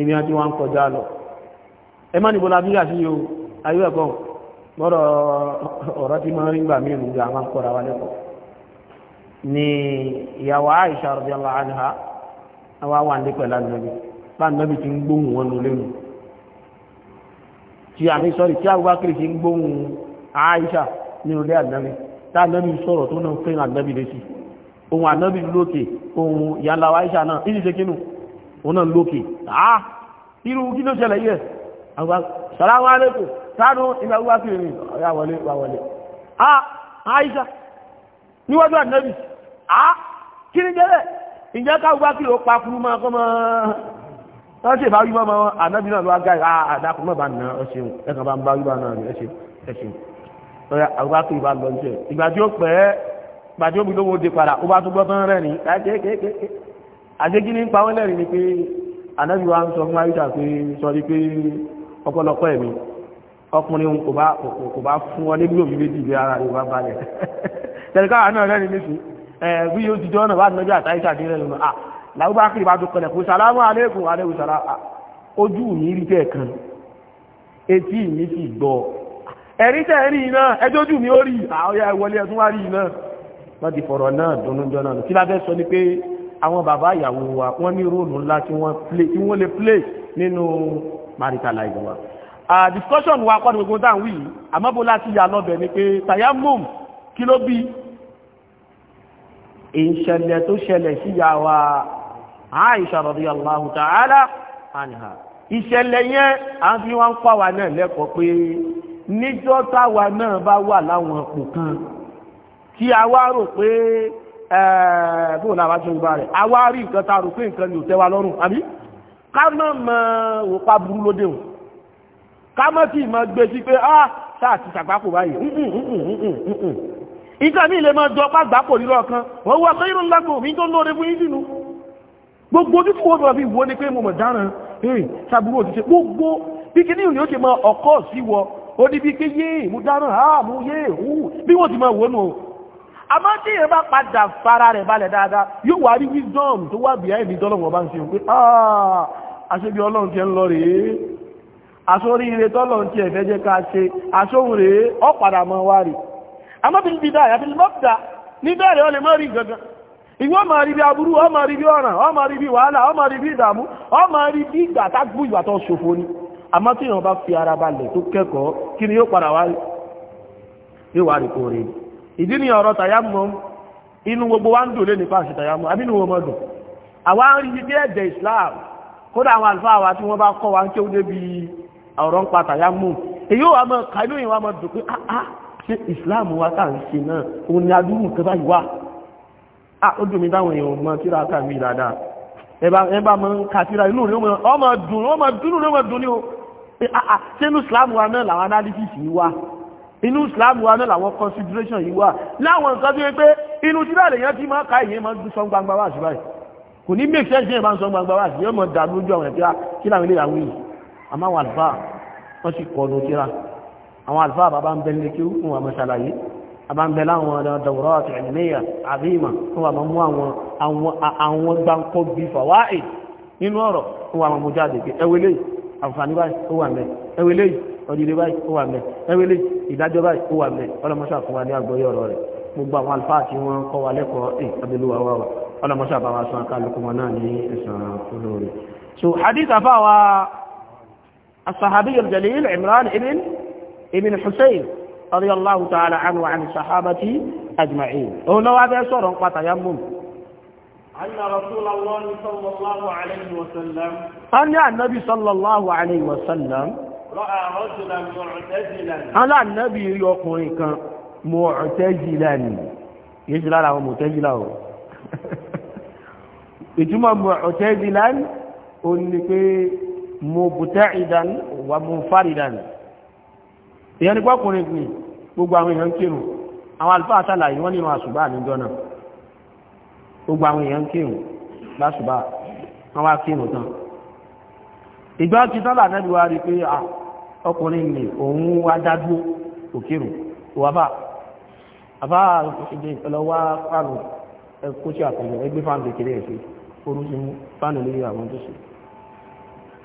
èmi àti wọn kọjá lọ ẹ má nìbọn lábí àti yóò ayé ẹ̀kọ́ lọ́rọ̀ ọ̀rọ̀ tí máa ń rí gbà mí ìrùgbà àwọn akọ̀rọ̀ wa lẹ́kọ̀ọ́ ni ìyàwó Aisha radiyallahu anha àwọn àwọn àndé pẹ̀lú ànábì bá ànábì ti ń gbóhùn wọn lólé nù tí àmì sọ́rí tí Abubakar ti ń gbóhùn Aisha ní olé ànábì tá ànábì sọ̀rọ̀ tó náà fẹ́ ànábì létí ohun ànábì lókè ohun ìyànlá Aisha náà ìdí ṣe kínú òun náà lókè àá irú kí ló ṣẹlẹ̀ yẹ àgbà sàlámà lẹ́kọ̀ọ́ sáàdù ìgbà wíwá sí ìrìn ọ̀yà wọlé wà a Aisha níwájú ànábì a kí ni jẹ́lẹ̀ ìjẹ́ ká wíwá kí ló pa kúrú máa kọ́ máa wọ́n ṣe bá wíwá máa ànábì náà ló wá gáì àdàkùn mọ́ bá nà ọ́ ṣeun ẹ̀kan bá ń bá wíwá náà ẹ̀ ṣeun ẹ̀ ṣeun ọ̀yà àwíwá kí ìbá lọ ṣe ìgbà tí ó pẹ́ ìgbà tí ó bí lówó de padà ó bá tún gbọ́ àṣekí ní pa wọ́n lẹ́rìn ni pé ànábì wa ń sọ fún àyíṣà pé sọrí pé ọ̀pọ̀lọpọ̀ ẹ̀mí ọkùnrin òun kò bá fún ọ níbi òbí méjì bí ara rẹ̀ bá balẹ̀ (laughs) tẹ̀lé káwọn náà lẹ́rìn ní sùn bí yóò ti jọ́nà bá nọjọ́ àtàyíṣà dé ah, bá ah, mi rí kan etí mi sì gbọ́ ẹ̀rí tẹ́ rí iná ẹjọ́jú mi ó rí àwọn ah, ẹ̀wọlé ẹ̀tún wá rí iná wọ́n ti fọ̀rọ̀ náà dúnújọ́ náà kí lábẹ́ sọ ní pé àwọn bàbá ìyàwó wa wọ́n ní róòlù ńlá tí wọ́n lè play nínú marital life wa discussion wa kọ́ ni gbogbo dáhùn wí àmọ́bó láti yà lọ́bẹ̀ ni pé tayammum kí ló bí ìṣẹ̀lẹ̀ tó ṣẹlẹ̀ síyà wa Aisha radiyallahu ta'ala anha ìṣẹ̀lẹ̀ yẹn a fi wọ́n ń pa wa náà lẹ́kọ̀ọ́ pé níjọ́ táwa náà bá wà láwọn ọ̀pọ̀ kan a wá rò pé bóò náà bá ṣe ìbá rẹ̀ àwa rí nǹkan ta rò pé nǹkan ni ò tẹ́wa lọ́rùn àbí ká mọ̀ mọ̀ òpá burú lóde o ká mọ̀ tí mọ̀ gbé sí pé ah sáà ti ṣàgbákò báyìí mm, mm, mm, nǹkan mi lè máa dọ́pá gbápò rírọ̀ kan wọ́n wá pé irun lágbo mi tó lóore fún yín sínú gbogbo ojú fún òbí ọ̀bí ìwọ ni pé mo mọ̀ dáràn ẹ̀rìn ṣàbúrò òṣìṣẹ́ gbogbo bí kí ní ìrìn ó ṣe mọ ọkọ̀ sí wọ ó ní bí pé yéè mo dáràn áà ah, mo yéè hù bí wọ́n ti máa wọ́n nù àmọ́ tí èyàn bá padà fara rẹ̀ balẹ̀ dáadáa yóò wà rí wisdom tó wà bí ẹ̀mí tọ́lọ̀wọ̀ bá ń ṣe pé aṣẹ́bí ah, ọlọ́run ti ń lọ rèé aṣórí ire tọ́lọ̀run ti ẹ̀fẹ́ jẹ́ ká ṣe aṣóhun rèé ọ padà mọ́ wá rí àmọ́ bí bí dáa àfihàn mọ́pítà ní bẹ́ẹ̀rẹ̀ ọ lè mọ́ rí gangan ìwọ máa rí bí aburú ọ máa rí bí ọ̀ràn ọ máa rí bí wàhálà ọ máa rí bí ìdààmú ọ máa rí bí ìgbà tágbó ìgbà tó ṣòfò ni àmọ́ tí èèyàn bá fi ara balẹ̀ tó kẹ́kọ̀ọ́ kí ni yóò padà wá ìdí ni ọ̀rọ̀ tàyámọ́ inú gbogbo wa ń dùn lé nípa àṣì tàyámọ́ àbínú wọn mọ́dùn àwa ń rí ibi ẹ̀jẹ̀ Islam kódà àwọn àlùfáà wa tí wọ́n bá kọ́ wa ń kí ó débi ọ̀rọ̀ ń pa tàyámọ́ èyí wà mọ́ kàínú ìwà mọ́ dùn pé áá ah, ah, ṣe Islam wa tá à ń ṣe náà òun ni adúrú nǹkan báyìí wà á ah, ó dùn mí táwọn èèyàn mọ tíra kà mí dáadáa ẹ bá mọ ká tíra inú ni ọmọ dùn ọmọ dùn ní ọmọ dùn ní o ṣé inú Islam wa náà làwọn analysis yìí wà inú islam wa náà làwọn consideration yìí wà láwọn nǹkan tó yẹ pé inú tí báyìí lèyàn ti máa ka ìyẹn máa ń sọ gbangba wá sí báyìí kò ní make sense yẹn máa ń sọ gbangba wá sí yóò mọ dàbí ojú àwọn ẹ̀fẹ́ kí láwọn ilé àwọn yìí àmọ́ àwọn àlùfáà wọ́n sì kọ́ ọdún kíra àwọn àlùfáà bàbá ń bẹ ní kí fún wa mọ́ṣáláyé bàbá ń bẹ láwọn dàwùrọ̀ àti ẹ̀nìyà àbí ìmọ̀ fún wa mú àwọn gbáǹkọ́ bí fàwáì nínú ọ̀rọ̀ fún wa mú jáde ẹwẹ́lẹ́yìí àǹfààní báyìí ó wà mẹ́ ẹwẹ́lẹ́yìí ọdílé báyìí ó wà mẹ́ ẹwẹ́lẹ́ ìdájọ́ báyìí ó wà mẹ́ ọlọ́mọṣà fún wa ní àgbọ́yé ọ̀rọ̀ rẹ̀ gbogbo àwọn alfáà tí wọ́n kọ́ wa lẹ́kọ̀ọ́ ẹ̀ abẹ́lúwa wà wà ọlọ́mọṣà bá wa san kálukú wọn náà ní ẹ̀sán olóore so hadith afa wa asahabi al-jalil imran ibn ibn hussein radiyallahu ta'ala anhu wa an sahabati ajma'in òun náà wá fẹ́ sọ̀rọ̀ nípa tayammum أن رسول الله صلى الله عليه وسلم أن النبي صلى الله عليه وسلم aláàbí rí ọkùnrin kan mọ̀ọ̀tẹ́jìlá ni yìí sí lára àwọn mọ̀ọ̀tẹ́jìlá o (laughs) ìtumọ̀ mọ̀ọ̀tẹ́jìlá ni ó ní pé mọ̀bùtẹ́ìdán wà mọ̀fàrídán ìyẹn ni pọ́kùnrin ni gbogbo àwọn èèyàn kírùn àwọn alfáà wọ́n nínú kírùn lásùbá tán ìgbà tí tọ́lá nẹ́bí wá rí pé à ọkùnrin ni òun wá dájú òkèrò wà bá àbá ìdè ìpẹlọwà fáànù ẹkọ́ sí àtẹ̀yẹ ẹgbẹ́ fáànù kékeré ẹ̀ṣẹ́ orú sí mú fáànù lórí àwọn tó ṣe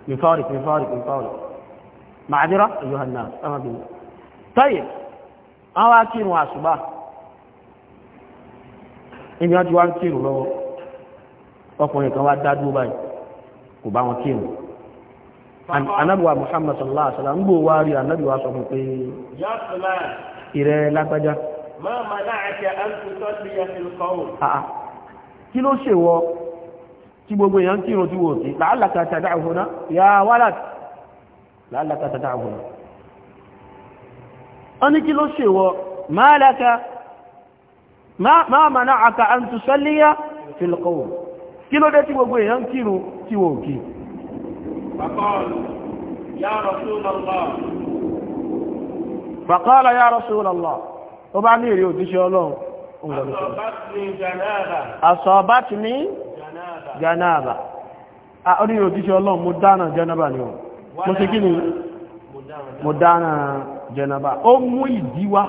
mifáwọ̀rì mifáwọ̀rì mifáwọ̀rì màdírà yohanna sámàbìnrin tọ́yẹ̀ àwọn akírun àṣùbà ìní ọkùnrin kan wá dá báyìí kò bá wọn kírun anabuwa muhammad sallallahu alaihi wasallam bo wari anabuwa so pe ya sala ire lagbaja ma mana'aka an tusalli fil qawl a a ki lo se wo ti gbogbo yan ki ro ti wo ti la alaka tad'uhuna ya walak la alaka tad'uhuna ani ki lo se wo malaka ma ma mana'aka an tusalli fil qawl ki lo de ti gbogbo yan ki ti wo فقال يا رسول الله فقال يا رسول الله طبعا ní èrè òtíṣẹ́ ọlọ́run asọ̀bátì ní janaba orí òtíṣẹ́ ni ọ mo ṣe kí ni mụ dáná janaba ó mú ìdíwá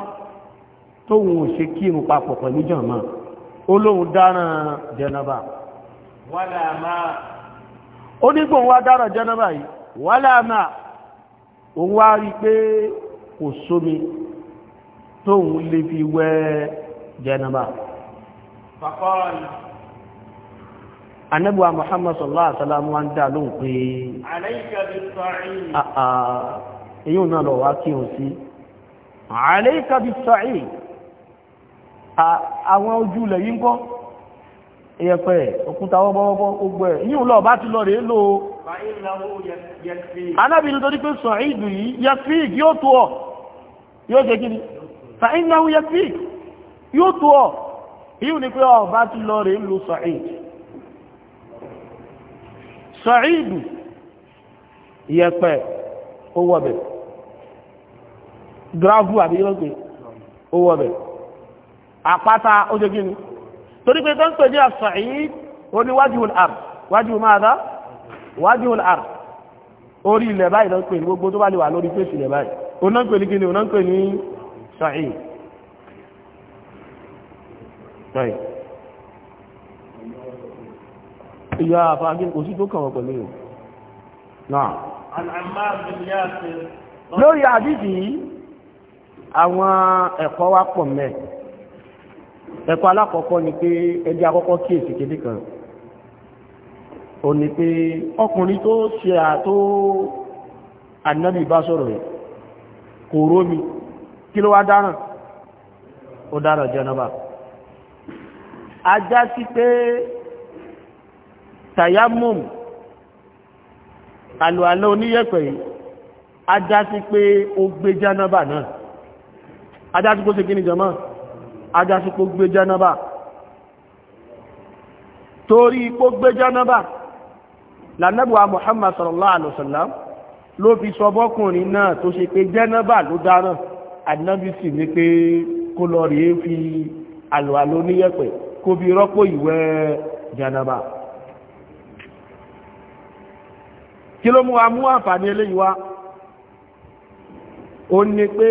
tóhun ò ṣe kírun wala ó nígbò wá dára jẹ́nàbà yìí wà láàmà òun wá rí pé kò sómi tóun lè fi wẹ̀ jẹ́nàbà anẹ́bùwa Muhammad sallallahu alaihi wasallam wá ń dá lóhùn pé èyí náà lọ o sí alayka bis-sa'i àwọn ojúlẹ̀ yìí ń ìyẹ̀pẹ̀ òkúta wọ́bọ́wọ́bọ́ ogbẹ̀ yíò lọ bá ti lọ rẹ̀ lò ó anábì nítorí pé sọ ìdù yìí yẹfíìk yóò tó yóò kí ni fa ìnáwó yẹfíìk yóò tó yíò ní pé ọ bá ti lọ rẹ̀ lò sọ ìdù torí pé tó ń pè ní as-sa'id ó ní wajhul ard wajhu madha wajhul ard orí ilẹ̀ báyìí ló ń pè ní gbogbo tó bá lè wà lórí fèsì ilẹ̀ báyìí ó náà ń pè ní kíni ó náà ń pè ní sa'id ìyá àfáàgín kò sí tó kàn wọ́n pẹ̀lú ìwò náà lórí àdídì àwọn ẹ̀kọ́ wá pọ̀ mẹ́ ẹ̀kọ́ alákọ̀ọ́kọ́ ni pé ẹjẹ́ akọ́kọ́ kí èsì kéde kan ò ní pé ọkùnrin tó ṣe àtó ànábì bá sọ̀rọ̀ rẹ̀ kò rómi kí ló wá dáràn ó dáràn jẹnaba ajá sí pé tayamum àlùalẹ́ oníyẹ̀pẹ̀ yìí ajá sí pé ó gbé jẹnaba náà ajá sí pé ó ṣe kí ni jọmọ́ ajásípò gbé jánábà torí ipò gbé jánábà lànàbùwà Muhammad sallallahu alaihi wasallam ló fi sọ bọ́kùnrin náà tó ṣe pé jánábà ló dáná ànábì sì ní pé kó lọ rí fi àlùwàlá oníyẹ̀pẹ̀ kó fi rọ́pò ìwẹ̀ jánábà kí ló mú wa àǹfààní eléyìí wá ó ní pé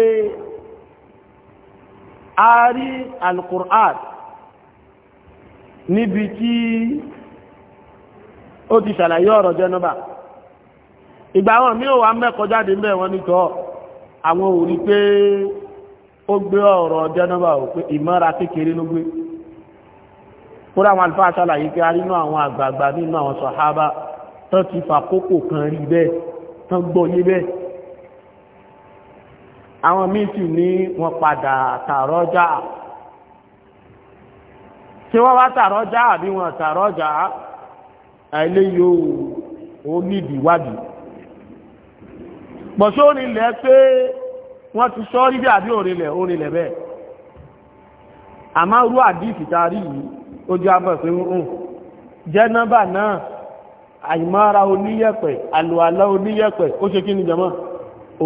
a rí al-Qur'an níbi tí ó ti ṣàlàyé ọ̀rọ̀ jẹ́nàbà ìgbà wọn mí ò wá mẹ́kọ jáde mẹ́ wọn nítọ́ àwọn ò rí pé ó gbé ọ̀rọ̀ jẹ́nàbà ò pé ìmọ́ra kékeré ló gbé fúra àwọn alfáà ṣàlàyé pé a rí nínú àwọn àgbààgbà nínú àwọn sàhábà tó ti fàkókò kan rí bẹ́ẹ̀ tán gbọ́ bẹ́ẹ̀ àwọn míìtì ní wọ́n padà tààrọ́jà tí wọ́n wá tààrọ́jà àbí wọ́n tààrọ́jà eléyìí ó nídìí wádìí pọ̀ṣọ́ onílẹ̀ pé wọ́n ti sọ rí bí àbí orílẹ̀ orílẹ̀ bẹ́ẹ̀ àmá rú àdífì tàrí yìí ó jẹ́ abẹ́ pé ń hùn jẹ́nàbà náà àìmára oníyẹ̀pẹ̀ àlùwàlá oníyẹ̀pẹ̀ ó ṣe kí ni jẹ́mọ́ ó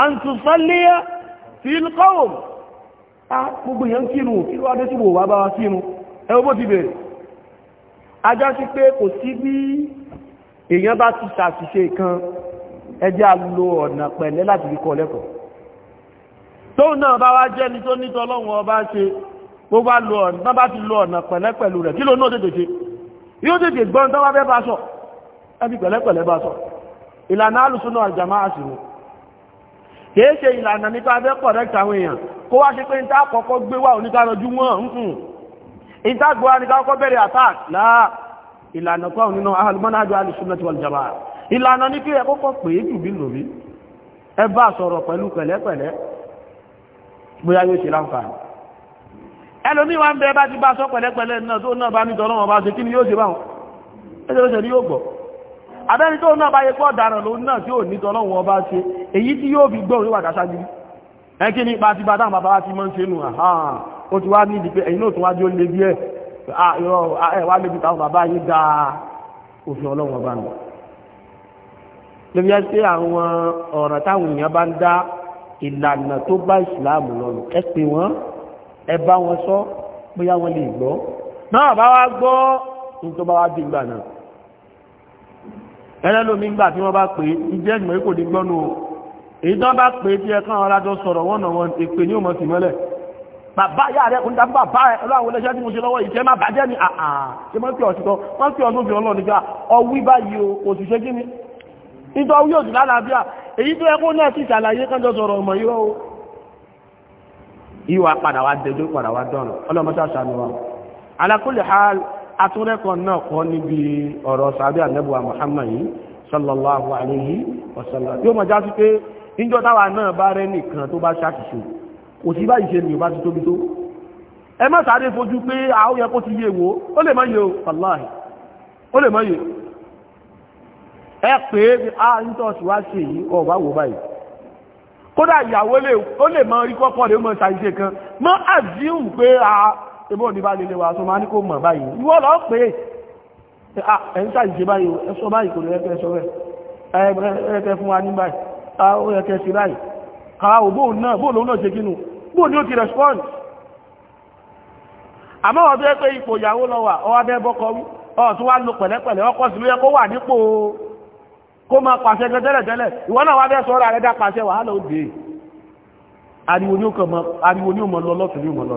an tu salliya fil qawm a gbogbo yẹn kírun kí ló adé tí wò wá bá wa kírun ẹ bó ti bẹ̀rẹ̀ ajá sí pé kò sí bí èèyàn bá ti ṣàṣìṣe kan ẹjẹ́ àlò ọ̀nà pẹ̀lẹ́ láti fi kọ́ lẹ́kọ̀ọ́ tóun náà bá wá jẹ́ ní tó ní tọ́lọ́wọ́n ọba ṣe bó bá lo ọ̀nà bá ti lo ọ̀nà pẹ̀lẹ́ pẹ̀lú rẹ̀ kí ló náà tètè ṣe yóò tètè gbọ́n tó bá fẹ́ bá sọ láti pẹ̀lẹ́pẹ̀lẹ́ bá sọ ìlànà alùsùnà àjàmá àṣìwò kìí ṣe ìlànà nípa abẹ́ correct àwọn èèyàn kó wá ṣe pé ní táàkọ́kọ́ gbé wà oníkàrọjú wọn nǹkan ìtàgbọ́ aníkàkọ́ bẹ̀rẹ̀ attack láà ìlànà kọ́ nínú alùmọ́nájọ́ alùsùnmọ́tí wal jamaa ìlànà ní kí ẹ kọ́kọ́ pè é jù bí lòbí ẹ bá sọ̀rọ̀ pẹ̀lú pẹ̀lẹ́pẹ̀lẹ́ bóyá yóò ṣe láǹfààní ẹlòmí wa ń bẹ bá ti bá sọ pẹ̀lẹ́pẹ̀lẹ́ náà tó náà bá ní tọ́lọ́wọ́n bá ṣe kí ni yóò abẹ́ni tó náà báyé pọ́ dára lòun náà tí ò ní tọ́lọ́wọ́ ọba ṣe èyí tí yóò fi gbọ́ oríwà káṣágiri ẹkí ní ipa ti bá dáhùn bàbá ti mọ́ ń ṣe nù àhán ó ti wá ní ìdí pé ẹ̀yìn náà tún wá jó lé bí ẹ̀ wá lébi táwọn bàbá yìí da òfin ọlọ́wọ́ ọba nù lóbi ẹ pé àwọn ọ̀rọ̀ táwọn èèyàn bá ń dá ìlànà tó bá ìsìláàmù lọ́nà ẹ pè wọ́n ẹ bá wọn sọ bóyá wọn lè gbọ́ náà bá wá gbọ́ ní tó bá wá dé náà ẹlẹ́lómi ńgbà tí wọ́n bá pè é ìjẹ́ ìgbìmọ̀ kò ní gbọ́nù o èyí tán bá pè é tí ẹ̀kan ọ̀rá jọ sọ̀rọ̀ wọ́n nà wọn èpè ní òmò sí mọ́lẹ̀ bàbá yà rẹ̀ kúndà bàbá rẹ̀ ọlọ́run olóṣẹ́ tí mo ṣe lọ́wọ́ ìṣẹ́ má bàjẹ́ ni ṣe mọ́ sí ọ̀ṣìkọ́ wọ́n sí kí ni nítorí orí atúrẹ́kọ̀ náà kọ́ níbi ọ̀rọ̀ sàbí ànẹ́bùwà Muhammad yìí sallallahu alayhi wa sallam yóò mọ̀ já sí pé níjọ́ táwa náà bá rẹ́ nìkan tó bá ṣàkìṣe kò sí báyìí ṣe nìyàn bá ti tóbi tó ẹ má sáré fojú pé àwọn yẹ kó ti yé wo ó lè má yé o wàláhì ó lè má yé ẹ pé a ń tọ́ sí wá ebó òní bá nílé wa tó máa ní kó mọ̀ báyìí ìwọ lọ pé ẹ̀yìn sáà ìṣe báyìí ẹ̀ṣọ́ báyìí kò lè ẹ̀kẹ́ ẹ̀ṣọ́ rẹ̀ ẹ̀ẹ́kẹ́ fún wa ní báyìí ah, ó ẹ̀kẹ́ sí báyìí káwò ah, bóòlù náà bóòlù náà ṣe kínú bóòlù ó ti respond àmọ́ wọ́n tó yẹ pé ipò ìyàwó lọ wà ọwọ́ abẹ́ bọ́kọ wí ọ̀ tó wá lo pẹ̀lẹ́pẹ̀lẹ́ ọkọ sí ló yẹ kó wà nípò kó máa pàṣẹ gan tẹ́lẹ̀ tẹ́lẹ̀ ìwọ náà wá bẹ́ sọ́ra rẹ̀ dá pàṣẹ wàhálà ó dé ariwo ni ó mọ lọ lọ́tún ni ó mọ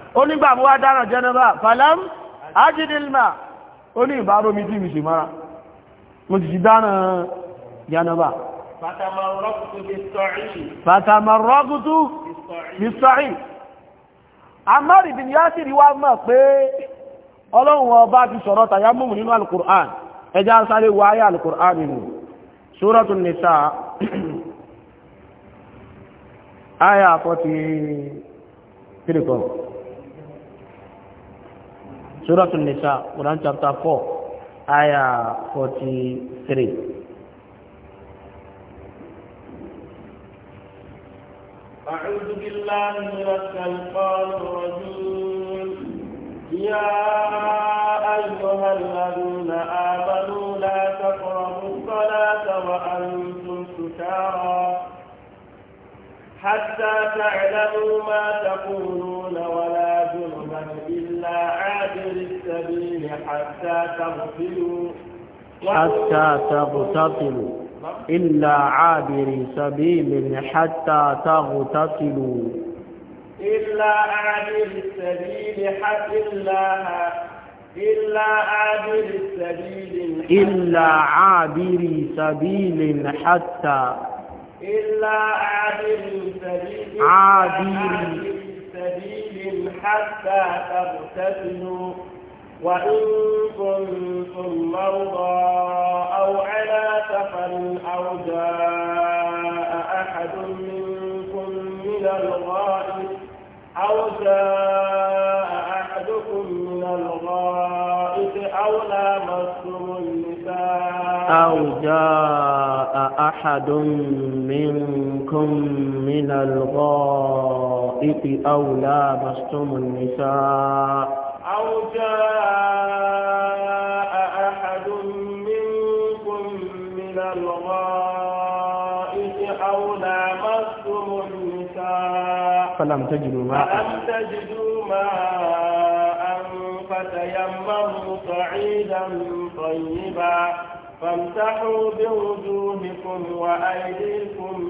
onígbà mú wá dára jẹnẹba falam ajidilma ó ní ìbáró mi tí mi ṣe mara mo ti dára jẹnẹba fatamarọ́gútú bisọ́rí amari bin yasiri wa mọ̀ pé ọlọ́run ọba ti sọ̀rọ̀ tayammum nínú al-Qur'an ẹjá sáré wáyé al-Qur'an nínú Suratun Nisa (clears throat) aya 43 Surah النساء، nisa Quran chapter 4, ayah 43. أعوذ بالله من الشيطان الرجيم يا أيها الذين آمنوا لا تقربوا الصلاة وأنتم سكارى حتى تعلموا ما تقولون ولا إلا عابر السبيل حتى تغفلوا حتى تغتسلوا إلا عابر سبيل حتى تغتسلوا إلا عابر السبيل حتى إلا إلا عابر سبيل إلا عابر سبيل حتى إلا عابر سبيل عابر سبيل بهم حتى تغتسلوا وإن كنتم مرضى أو على سفر أو جاء أحد منكم من الغائب أو جاء أحدكم من الغائب أو لامستم النساء أو جاء أحد منكم من الغائط أو لامستم النساء أو جاء أحد منكم من الغائط أو لامستم النساء فلم تجدوا ماء فلم تجدوا ماء فتيمموا صعيدا طيبا فامسحوا بوجوهكم وأيديكم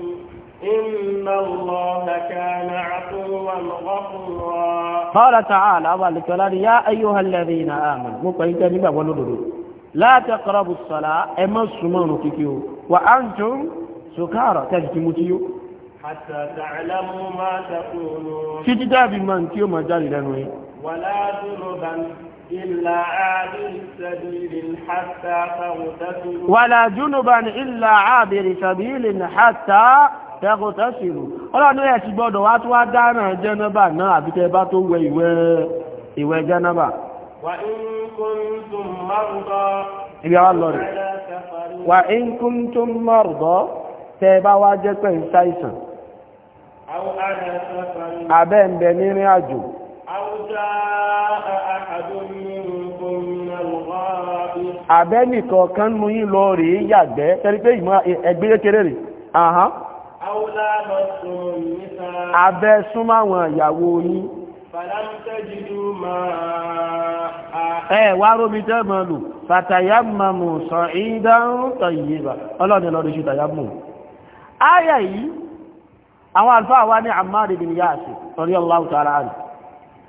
إن الله كان عفوا غفورا قال تعالى ذلك يا أيها الذين آمنوا مقيدا بما ولدوا لا تقربوا الصلاة أما السمان كيكيو وأنتم سكارى تجتمتيو حتى تعلموا ما تقولون في كتاب من كيو ما جاري لنوي ولا ذنبا إلا عابر سبيل حتى تغتسلوا ولا جنبا إلا عابر سبيل حتى تغتسلوا ọlọ́run ẹ̀ ti gbọ́dọ̀ wá tó wá dáná jẹ́nàbà náà àbí tẹ́ bá tó wẹ ìwẹ̀ jẹ́nàbà ibi àwọn lọ́rẹ̀ wà in kuntum marda tẹ́ bá wá jẹ́ pẹ̀ ń ṣàìsàn àbẹ́ ń bẹ nírìn àjò أو جاء أحد mú yín lọ rí yàgbẹ́ tẹ́rí pé ìmọ̀ ẹgbẹ́ àhán lọ súnmọ́ àwọn ìyàwó yín ẹ rómi tẹ́ mọ̀ lù fàtàyàmàmù sàn ìdáhùn tọ̀yìnbà tàyàmù yìí àwọn wá ní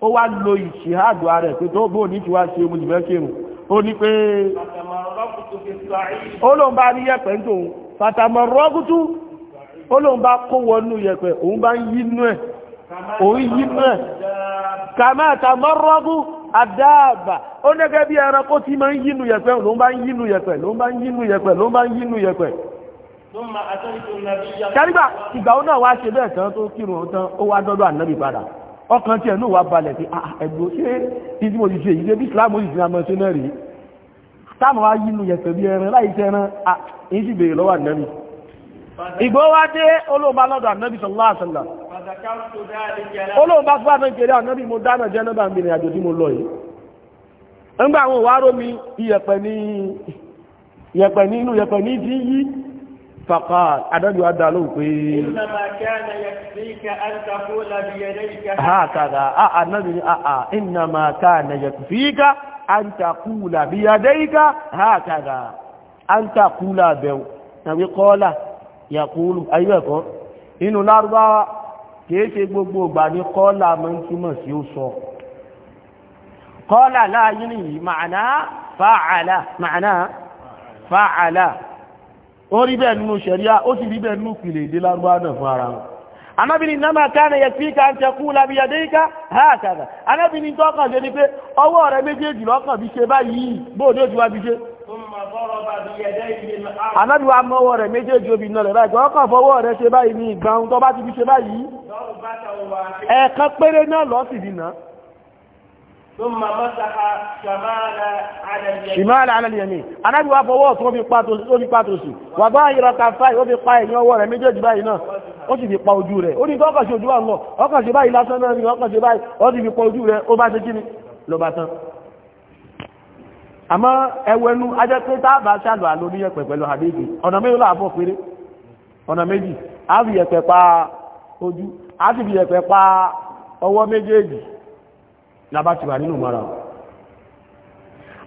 ó wá lo ìṣèhádù ààrẹ pé tó bóò ní tiwa ṣe omi ìbẹ́ kírun ó ní pé ó lóun bá rí yẹ̀pẹ̀ ń tòun fàtàmọ̀ rọ́gútú kó wọnú yẹ̀pẹ̀ òun bá ń yínú ẹ̀ òun yínú ẹ̀ kàmáà àdáàbà ó nẹ́gẹ́ bí ẹranko tí máa ń yínú yẹ̀pẹ̀ ló ìgbà ó náà wá ṣe bẹ́ẹ̀ tán tó ọkàn tí ẹ̀nú wà balẹ̀ pé ah, ẹ̀gbò ṣe ìdí mo ti ṣe ìdí bí islam ó sì sin amọ̀ ṣe náà rí táàmù wá yínú yẹ̀sẹ̀ bí ẹran láì ṣe ẹran èyí sì bèèrè lọ́wọ́ ànábì ìgbó wá dé olóòbá lọ́dọ̀ ànábì sallallahu alaihi wasallam olóòbá fún àmì kéré ànábì mo dáná jẹ́ nọ́bà ń bìnrin àjò tí mo lọ yìí ńgbà àwọn òwárò mi iyẹ̀pẹ̀ ní iyẹ̀pẹ̀ nínú iyẹ̀pẹ̀ ní ti yí فقال أدد أدلو في إنما كان يكفيك أن تقول بيديك هكذا أنبي إنما كان يكفيك أن تقول بيديك هكذا أن تقول بيو نبي قال يقول أيوة inú lárúbáwá kìí ṣe gbogbo ìgbà ní kọ́lá mọ́ túnmọ̀ sí ó sọ kọ́lá láàyín yìí màánà fàálà màánà fàálà ó rí bẹ́ẹ̀ nínú ṣẹ̀ríà ó sì rí bẹ́ẹ̀ nínú ìpìlẹ̀ èdè lárúbáwá na fún ara wọn anábìnrin náà káàna yẹ tí ká ń tẹkú lábíyàdé ìká hákàdà anábìnrin tó ọwọ lé ní pé ọwọ́ rẹ méjèèjì lọ́kàn bí ṣe báyìí bóòdó ti wá bí ṣe anábìwá mọ́wọ́ rẹ méjèèjì ثم مسح شمال على اليمين شمال على اليمين انا بي وافو تو بي pa to bi pa to si wa ba ira ka fa o bi pa eyan ọwọ́ rẹ̀ méjèèjì báyìí náà ó sì fi pa ojú rẹ̀ ó ní tó kàn sí ojú àwọn ó kàn sí báyìí lásán náà ni ó kàn sí báyìí ó sì fi pa ojú rẹ̀ ó bá ṣe kíni ló bá tán àmọ́ ẹwẹnu ajẹ́ pé tá bá ṣàlù àlórí yẹ̀pẹ̀ pẹ̀lú àbẹ́jì ọ̀nà méjì láàbọ̀ péré ọ̀nà méjì á fi yẹ̀pẹ̀ pa ojú á sì fi yẹ̀pẹ̀ pa ọwọ́ méjèèjì lábá ti wà nínú mara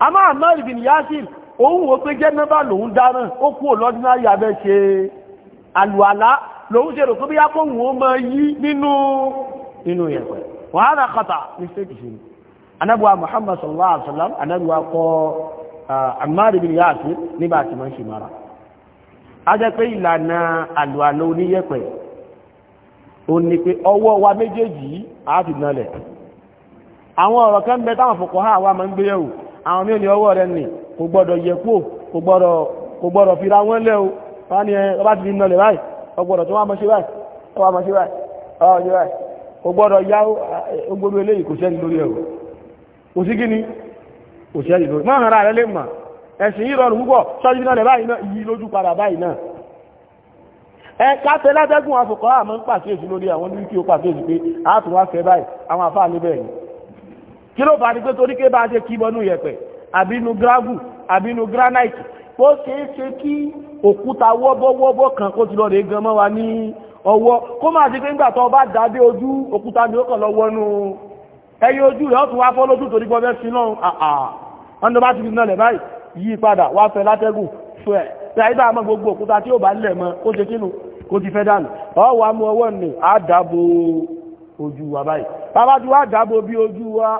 a máa mẹ́rin bin Yasir òun wo pé jẹ́nẹ́bà lòun dáná ó kú olódínárì abẹ́ ṣe alùàlá lòun ṣe rò pé bí yápọ̀hùn ó yí nínú inú yẹ̀pẹ̀ Muhammad sallallahu alaihi wasallam anábùwà kọ Ammar bin Yasir nígbà tí wọ́n ṣe mara a jẹ́ pé ìlànà alùàlá oníyẹ̀pẹ̀ ó ní ọwọ́ wa méjèèjì á nalẹ̀ àwọn ọ̀rọ̀ kan bẹ táwọn fòkọ̀ ha wà máa ń gbé yẹ̀wò àwọn mí ò ní ọwọ́ rẹ̀ nì kò gbọ́dọ̀ yẹ kó kò gbọ́dọ̀ fi ra wọ́n lẹ́ o wọ́n ni ọba ti fi nọlẹ̀ báyìí ọgbọ́dọ̀ tó wá mọ́ sí báyìí ọwọ́ mọ́ sí báyìí ọwọ́ sí báyìí kò gbọ́dọ̀ yá ogbóró eléyìí kò sẹ́ni lórí ẹ̀wọ̀ kò sí kíni kò lè báyìí náà yí àfòkọ́ àmọ́ ń pàṣẹ lórí àwọn oníkí ó pàṣẹ ìsú pé àátùn wá fẹ́ báyìí àwọn àfáà níbẹ̀ yìí kí ló bá ní pé torí pé bá ṣe kí bọnú yẹ̀pẹ̀ àbínú gravel àbínú granite ó ṣeé ṣe kí òkúta wọ́bọ́wọ́bọ́ kan kó ti lọ rẹ̀ gan mọ́ wa ní ọwọ́ kó máa ṣe pé ńgbà tó bá dádé ojú òkúta ni ó kàn lọ wọnú ẹyẹ ojú rẹ̀ ó tún wá fọ́ lójú torí pé ọbẹ̀ sínú àà wọn tó bá ti fi nalẹ̀ báyìí yí padà wá fẹ́ látẹ́gùn fẹ́ ẹ̀ tí àyíká àmọ́ gbogbo òkúta tí ó bá nílẹ̀ mọ́ kó ṣe kínú kó ti fẹ́ dànù ọwọ́ amú ọwọ́ nì á dáàbò ojú wa báyìí bàbá ti wá dáàbò bí ojú wa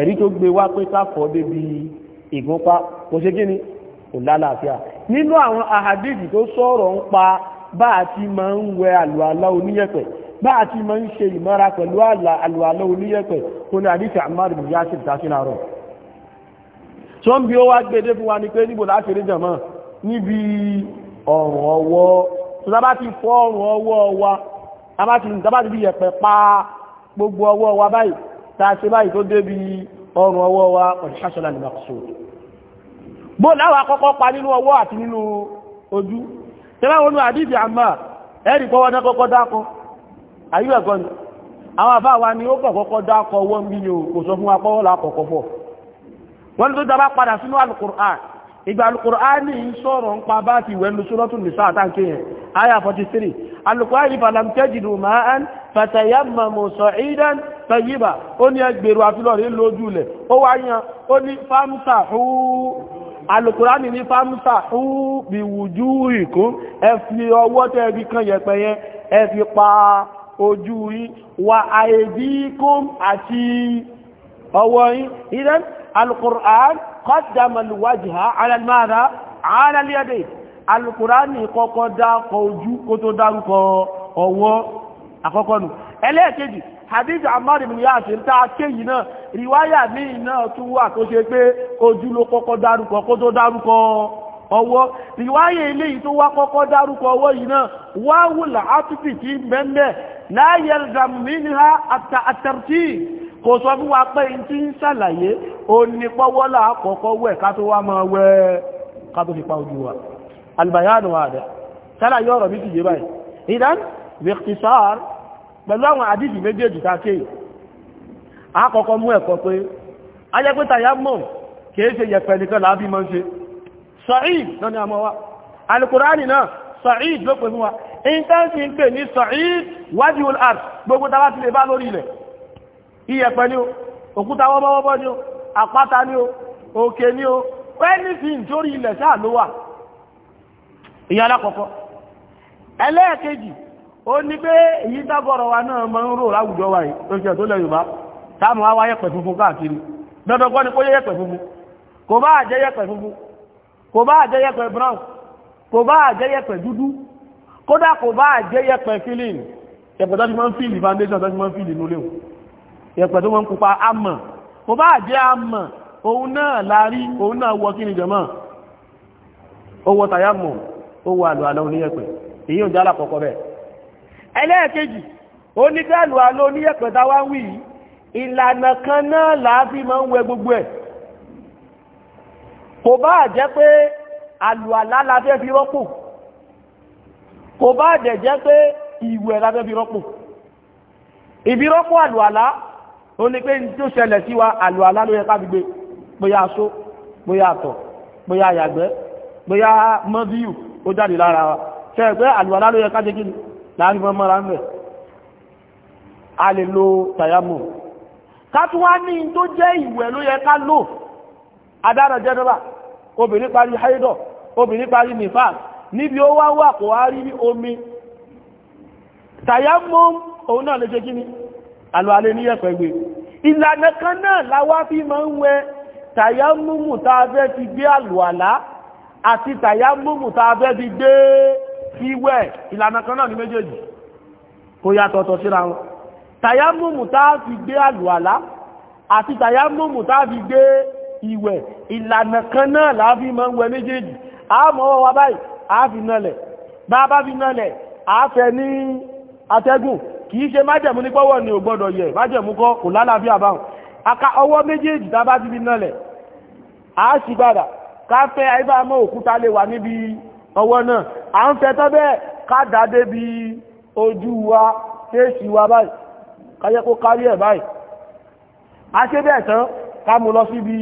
ẹ̀rí tó gbé wá pé káfọ́ débi ìgúnpá kò ṣe kíni kò lálàáfíà nínú àwọn àhàdìsì tó sọ̀rọ̀ ń pa bá a ti máa ń wẹ àlùalá oníyẹ̀pẹ̀ bá a ti máa ń ṣe ìmọ́ra pẹ̀lú àlùalá oníyẹ̀pẹ̀ tó ní àdìsì Ammar bin Yasir tásínà rọ̀ tó ń bí ó wá gbé dé fún wa ni pé níbo láti rí jàmọ́ níbi ọ̀rùn ọwọ́ tó tá bá ti fọ́ ọ̀rùn ọwọ́ wa tá bá ti fi yẹ̀pẹ̀ pa gbogbo ọwọ́ wa báyìí tá a ṣe báyìí tó débi ọrùn ọwọ́ wa ọ̀dìṣàṣọ́lá ní makso bó láwà kọ́kọ́ pa nínú ọwọ́ àti nínú ojú tẹ́láwọn olú àdíjì àmà ẹ̀rì kọ́wọ́ náà kọ́kọ́ dákọ́ ayú ẹ̀kọ́ ni àwọn àbá wa ni ó kọ́kọ́ dákọ́ ọwọ́ mi ni kò sọ fún apọ́wọ́ lákọ̀ọ́kọ́ fọ́ wọ́n tó dábá padà sínú alukur'an ìgbà alukur'an ní sọ̀rọ̀ ń pa bá ti wẹ̀nu suratul nisa àtàǹkì yẹn aya 43 alukur'an tẹ̀yíbà ó ní ẹgbèrò àfilọ́rẹ̀ lójú lẹ̀ ó wá yan ó ní fámsà hú alùkùránì ní fámsà hú bí wùjú ìkún ẹ fi ọwọ́ tẹ́ fi kan yẹ̀pẹ̀ yẹn ẹ fi pa ojú yín wà àìdíkùn àti ọwọ́ yín ìdẹ́n alùkùrán kọ́dàmàlùwájìhá alàlmára alàlẹ́dẹ̀ alùkùránì kọ́kọ́ dá ọkọ̀ ojú kó tó dárúkọ ọwọ́ àkọ́kọ́ nù ẹlẹ́ẹ̀kejì hadith Ammar ibn Yasir tá ké yìí náà riwaya míì náà tún wà tó ṣe pé ojú ló kọ́kọ́ dárúkọ kó tó dárúkọ ọwọ́ riwaya eléyìí tó wá kọ́kọ́ dárúkọ ọwọ́ yìí náà wáwùlà átùpì tí mẹ́mẹ́ la yalzam minha at-tartib kò sọ fún wa pé n ti ń ṣàlàyé onípọ́wọ́là àkọ́kọ́ wẹ̀ ká tó wá máa wẹ̀ ká tó fi pa ojú wa albayanu wa dẹ̀ ṣàlàyé ọ̀rọ̀ mi ti yé báyìí idan bi ikhtisar pẹ̀lú àwọn àdìsí méjèèjì káké àkọ́kọ́ mú ẹ̀kọ́ pé ayẹ́pẹ́ta ya mọ̀ kìí ṣe yẹ̀pẹ̀ nìkan láàbí mọ́ ṣe sa'id náà ni a mọ́ wa alukurani náà sa'id ló pè mú wa intanṣi ń pè ní sa'id wajhul ard gbogbo tàbá ti lè bá lórí ilẹ̀ iyẹ̀pẹ̀ ni o òkúta wọ́bọ́wọ́bọ́ ni o àpáta ni o òkè ni o anything torí ilẹ̀ sáà ló wà ìyẹn alákọ̀ọ́kọ́ ẹlẹ́ẹ̀kejì ó ní pé èyí tábọ̀rọ̀ wa náà máa ń rò láwùjọ wa yìí tó ń ṣe tó lẹ́yìn bá táàmù wá wá yẹ̀pẹ̀ funfun káàkiri dandan kọ́ ni kó yẹ̀pẹ̀ funfun kò bá jẹ́ yẹ̀pẹ̀ funfun kò bá jẹ́ yẹ̀pẹ̀ brown kò bá jẹ́ yẹ̀pẹ̀ dúdú kódà kò bá jẹ́ yẹ̀pẹ̀ filling yẹ̀pẹ̀ tó ti máa ń fìlì foundation tó ti máa ń fìlì èyí ò alákọ̀ọ́kọ́ bẹ́ẹ̀ ẹlẹ́ẹ̀kejì oníkàlù aló ní ẹ̀pẹ̀ta wá wí yìí ìlànà kan náà láàfin máa ń wẹ gbogbo ẹ̀ kò bá jẹ́ pé àlùàlá la fẹ́ fi rọ́pò kò bá dẹ̀ jẹ́ pé ìwẹ̀ la fẹ́ fi rọ́pò ìfi rọ́pò àlùàlá ó ní pé tí ó ṣẹlẹ̀ sí wa àlùàlá ló yẹ ká gbé bóyá aṣó bóyá àtọ̀ bóyá àyàgbẹ́ bóyá mọ́bíyù ó jáde lára wa ṣe ẹ̀gbẹ́ àlùàlá ló yẹ ká jẹ́ láàrin mọ́ mọ́ra mẹ́ a lè lo tayamu kátúwá ní tó jẹ́ ìwẹ̀ ló yẹ ká lò adára jẹ́nàbà obìnrin parí haidọ̀ obìnrin parí nifas níbi ó wá wà kò wá rí omi tayamu òun náà lè ṣe kí ni alùalé ní ẹ̀pẹ̀ gbé ìlànà kan náà láwá fi máa ń wẹ tayamu tá a fẹ́ fi gbé alùalá àti tayamu tá a fẹ́ gbé wíwẹ̀ ìlànà kan náà ní méjèèjì kò yàtọ̀ ọ̀tọ̀ síra wọn tàyámùmù tá a fi gbé àlùwàlá àti tàyámùmù tá a fi gbé ìwẹ̀ ìlànà kan náà láàfin máa ń wẹ méjèèjì àmọ́ wa báyìí àáfi nalẹ̀ bá fi nalẹ̀ àáfẹ́ ní atẹ́gùn kì í ṣe májẹ̀mú ní pọ́wọ́ ni ò gbọ́dọ̀ yẹ májẹ̀mú kọ́ kò lálàáfíà báhùn aka ọwọ́ méjèèjì tá bá ti fi nalẹ̀ àá sì gbàdà ká fẹ́ àìbámọ́ òkúta lè wà níbi ọwọ́ náà à ń fẹ́ tọ́ bẹ́ẹ̀ káàdá débi ojú wa fèsì wa báyìí káyẹ́ kó kárí ẹ̀ báyìí a ṣe bẹ́ẹ̀ tán ká mú lọ síbi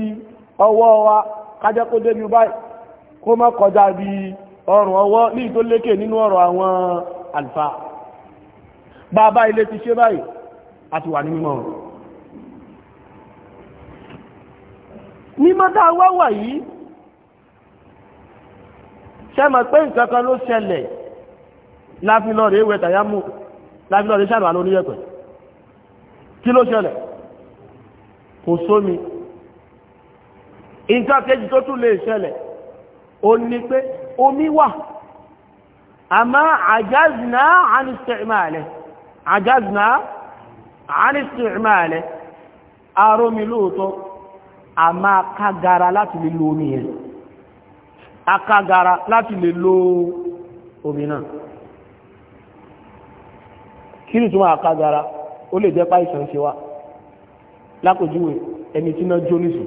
ọwọ́ wa kájẹ́ kó débi báyìí kó má kọjá bí ọrùn ọwọ́ ní ìtó lékè nínú ọ̀rọ̀ àwọn àlùfà bàbá ilé ti ṣe báyìí àti wà ní mímọ́ mímọ́ tá a yìí ṣe mọ̀ pé nǹkan kan ló ṣẹlẹ̀ láfilọ́rẹ̀ ewé tàyámù láfilọ́rẹ̀ ṣàlùwà ló níyẹ̀pẹ̀ kí ló ṣẹlẹ̀ kò sómi nǹkan kejì tó tún lè ṣẹlẹ̀ ó ní pé omi wà àmọ́ àjázìnà àníṣẹ̀máàlẹ̀ àjázìnà àníṣẹ̀máàlẹ̀ arómi lóòótọ́ àmọ́ kágara láti lílo omi yẹn Akagara, láti lè lo omi náà kí ni túnmọ̀ akágara ó lè jẹ́ páìsàn ṣe wá lákòjúwe ẹni tí náà jó nìsù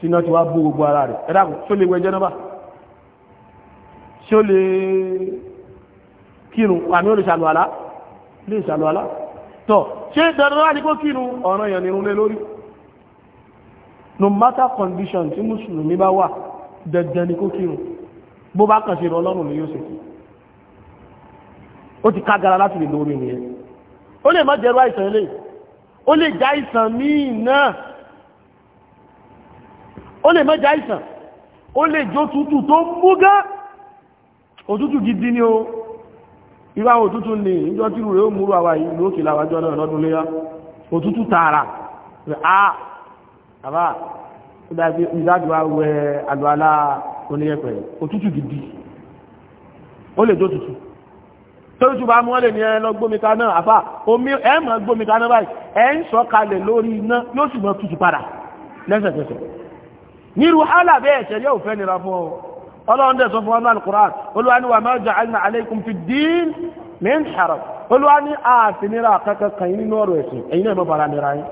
tí náà ti wá bó gbogbo ara rẹ̀ ẹ̀dàkùn tó lè wẹjẹ́ náà bá ṣé ó lè kírun àmì ó lè ṣàlù àlá lè ṣàlù wá ní kó kírun ọ̀ràn no matter condition tí mùsùlùmí bá wà dandan ni kó kírun bó bá kàn ṣe rọ ọlọ́run ni yóò ṣe kí ó ti kágara láti lè lórí nìyẹn ó lè má jẹ́rú àìsàn ilé ó lè já àìsàn míì náà ó lè má já àìsàn ó lè jó tútù tó mú gán òtútù gidi ni o irú àwọn òtútù ní ìjọ tí rúrẹ́ ó múrú àwà ìlú òkè láwájọ́ náà lọ́dún léyá òtútù tààrà ó dàbí ìdájọ́ wa wẹ àlùwàlá oníyẹ̀pẹ̀ òtútù gidi ó lè jó tutù tótú bá mú ọ́ lè ní ẹ lọ gbómìta náà àfà omi ẹ mọ̀ gbómìta náà báyìí ẹ ń sọ kalẹ̀ lórí iná yóò sì mọ̀ tutù padà lẹ́sẹ̀kẹsẹ̀ nírú hálà bẹ́ẹ̀ ṣẹ̀rí ò fẹ́ nira fún ọ ọlọ́run dẹ̀ sọ fún ọlọ́run alukuran olúwa ni wà máa ja'alna alaykum fi dín min haraj olúwa ni ààfin nira kankan kan yín nínú ọ̀rọ̀ ẹ̀sìn ẹ̀yin náà mọ̀ fara nira yín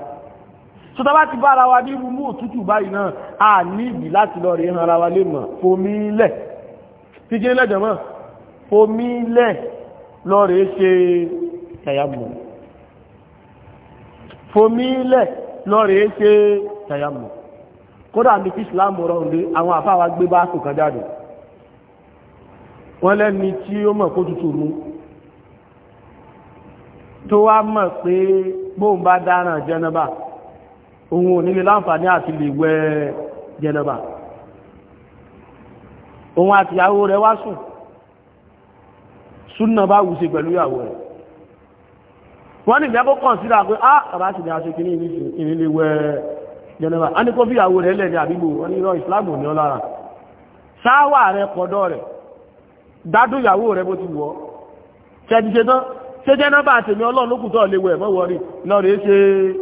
so tá bá ti bára wa ní irú òtútù báyìí náà a ní ìdí láti lọ rí ara wa lè mọ̀ fomi lẹ̀ tí jẹ́ lẹ́jọ̀ mọ́ fomi lẹ̀ lọ rí ṣe tayamu fomi lẹ̀ lọ rí ṣe tayamu kódà ní kí islam rọrùn lé àwọn àfáwà gbé bá kò jáde wọ́n lẹ́ni tí ó mọ̀ kó tutù mú tó wá mọ̀ pé bóun bá dáràn jẹ́nàbà ohun onílé láǹfààní àti lè wẹ jẹnàbà ohun àtìyàwó rẹ̀ wá sùn súnà bá wùsẹ̀ pẹ̀lú ìyàwó rẹ̀ wọ́n ní ìgbẹ́kọ́ kàn síra pé á àbá sì ní aṣe kìíní ìrìnlẹ̀ wẹ jẹnàbà a ní kó fi ìyàwó rẹ̀ lẹ́ni àdúgbò wọn ní ìrọ̀ ìsìláàmù ní ọlára sáwà rẹ̀ kọ̀dọ̀ rẹ̀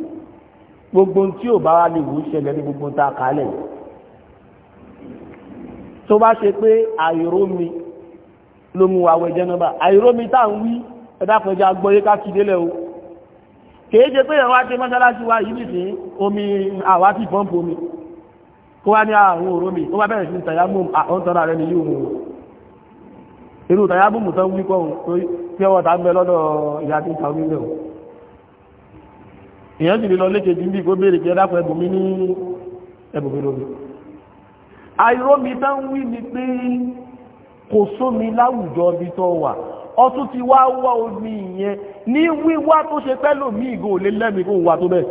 gbogbo tí ò bá wá lè wù ú ṣẹlẹ̀ ní gbogbo tá a kálẹ̀ tó bá ṣe pé àìrómi ló mú wa wẹjẹ náà bá àìrómi tá à ń wí ẹ̀dáfẹ́jà gbọ́yé ká kí délẹ̀ o kèé ṣe pé ìrànwá tí mọ́ṣáláṣí wa yìí nìsín omi àwa ti pọ́ǹpù omi kó wá ní àwọn òrómi ó bá bẹ̀rẹ̀ sí tàyámù àtọ́ra rẹ̀ nìyí òun irú tàyámù mùtán wíkọ́ òun tó fẹ́wọ́ tá ń bẹ lọ́dọ̀ ìyá tí ń ta omi lẹ́wọ̀n èyàn sì lè lọ lékejì bí kó béèrè pé ẹ̀dàpọ̀ ẹbùnmí ní ẹbùnmí lómi àìrómi tá ń wí ni pé kò sómi láwùjọ bí tó wà ọtún ti wá wá omi ìyẹn ní wíwá tó ṣe pẹ́lò mí ìgò lè lẹ́mìí kó wà tó bẹ́ẹ̀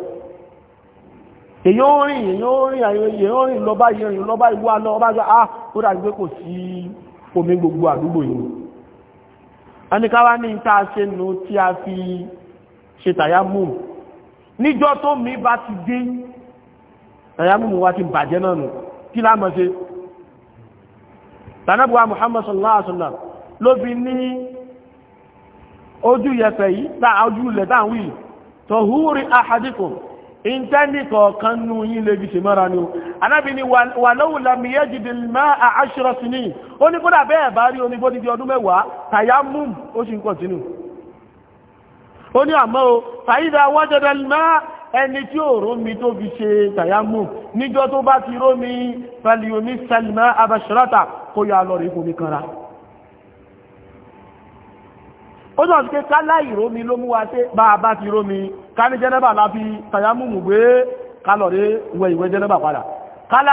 èyí ó rìn èyí ó rìn èyí ó rìn lọ báyìí rìn lọ báyìí wá lọ bá gbá ah ó dàbí pé kò sí omi gbogbo àdúgbò yìí ẹnikáwá ní ìta ṣe nù tí a fi ṣe tàyámù níjọ́ tó mi bá ti dé ẹ̀yà mímú wa ti bàjẹ́ náà nù kí láàmọ́ ṣe tànàbùwà Muhammad sallallahu alaihi wasallam ló fi ní ojú yẹfẹ̀ yìí láà ojú ilẹ̀ dáwí tọ̀húrí ahadikum ìntẹ́ni kọ̀ọ̀kan nú yín lè gbìṣẹ́ mọ́ra ní o anábi ni wà lọ́wọ́ lámìyẹ́ jìdì máa àṣírọ̀ sí ní ó ní kódà bẹ́ẹ̀ bá rí onígbódìdí ọdún mẹ́wàá tàyámùm ó sì ń kọ̀tínú ó ní àmọ́ o fàyídà wọ́jọ́dẹ̀ máa ẹni tí ó rómi tó fi ṣe tàyámù níjọ́ tó bá ti rómi fàlìomi sẹlìmá abẹ́ṣẹ́rọ́ta kó yá lọ rí omi kanra ó sọ pé kálá ìrómi ló mú wa sí bá a bá ti rómi ká ní jẹ́nẹ́bà láfi tàyámù mú gbé kálọ̀rí wẹ ìwé jẹ́nẹ́bà padà kálá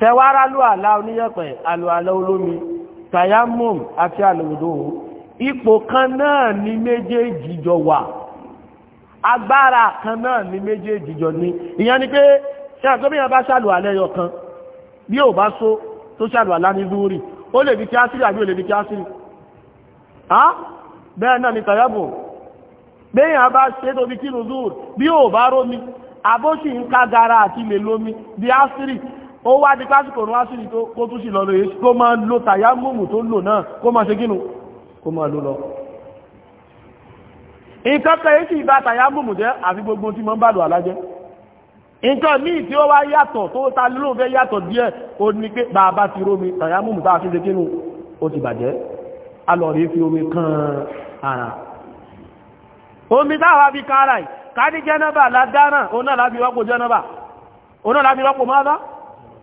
tẹwàrà lù àlá oníyẹ̀pẹ̀ àlùalá olómi ati àti àlùwòdó ipò kan náà ni méjèèjì jọ wà agbára kan náà ni méjèèjì jọ ni pé ṣe bá ṣàlùwà kan bí ò bá so tó ṣàlùwà láni zúrì ó lè bí kí á sírì àbí ò lè bí kí á sírì bẹ́ẹ̀ náà ni tayamum béèyàn bá ṣe tóbi gara àti lè lómi bí á ó wá di pásìkò ní wásìlì tó kó tún sí lọ́lọ́ yìí kó máa lo tàyámùmù tó lò náà kó máa ṣe gínú kó máa lò lọ nǹkan kẹ́yẹ́ sì bá tàyámùmù jẹ́ àfi gbogbo tí mọ́ ń bàdọ̀ alájẹ́ nǹkan míì tí ó wá yàtọ̀ tó ta lóò fẹ́ yàtọ̀ díẹ̀ ó ní pé bàbá ti rómi tàyámùmù tá a fi ṣe gínú ó ti bàjẹ́ alọ̀rí fi omi kan ara omi táwa fi kan ara yìí ká ní jẹ́nàbà lágbáràn òun náà láfi rọ́pò jẹ́nàbà òun náà láfi rọ́pò mọ́lá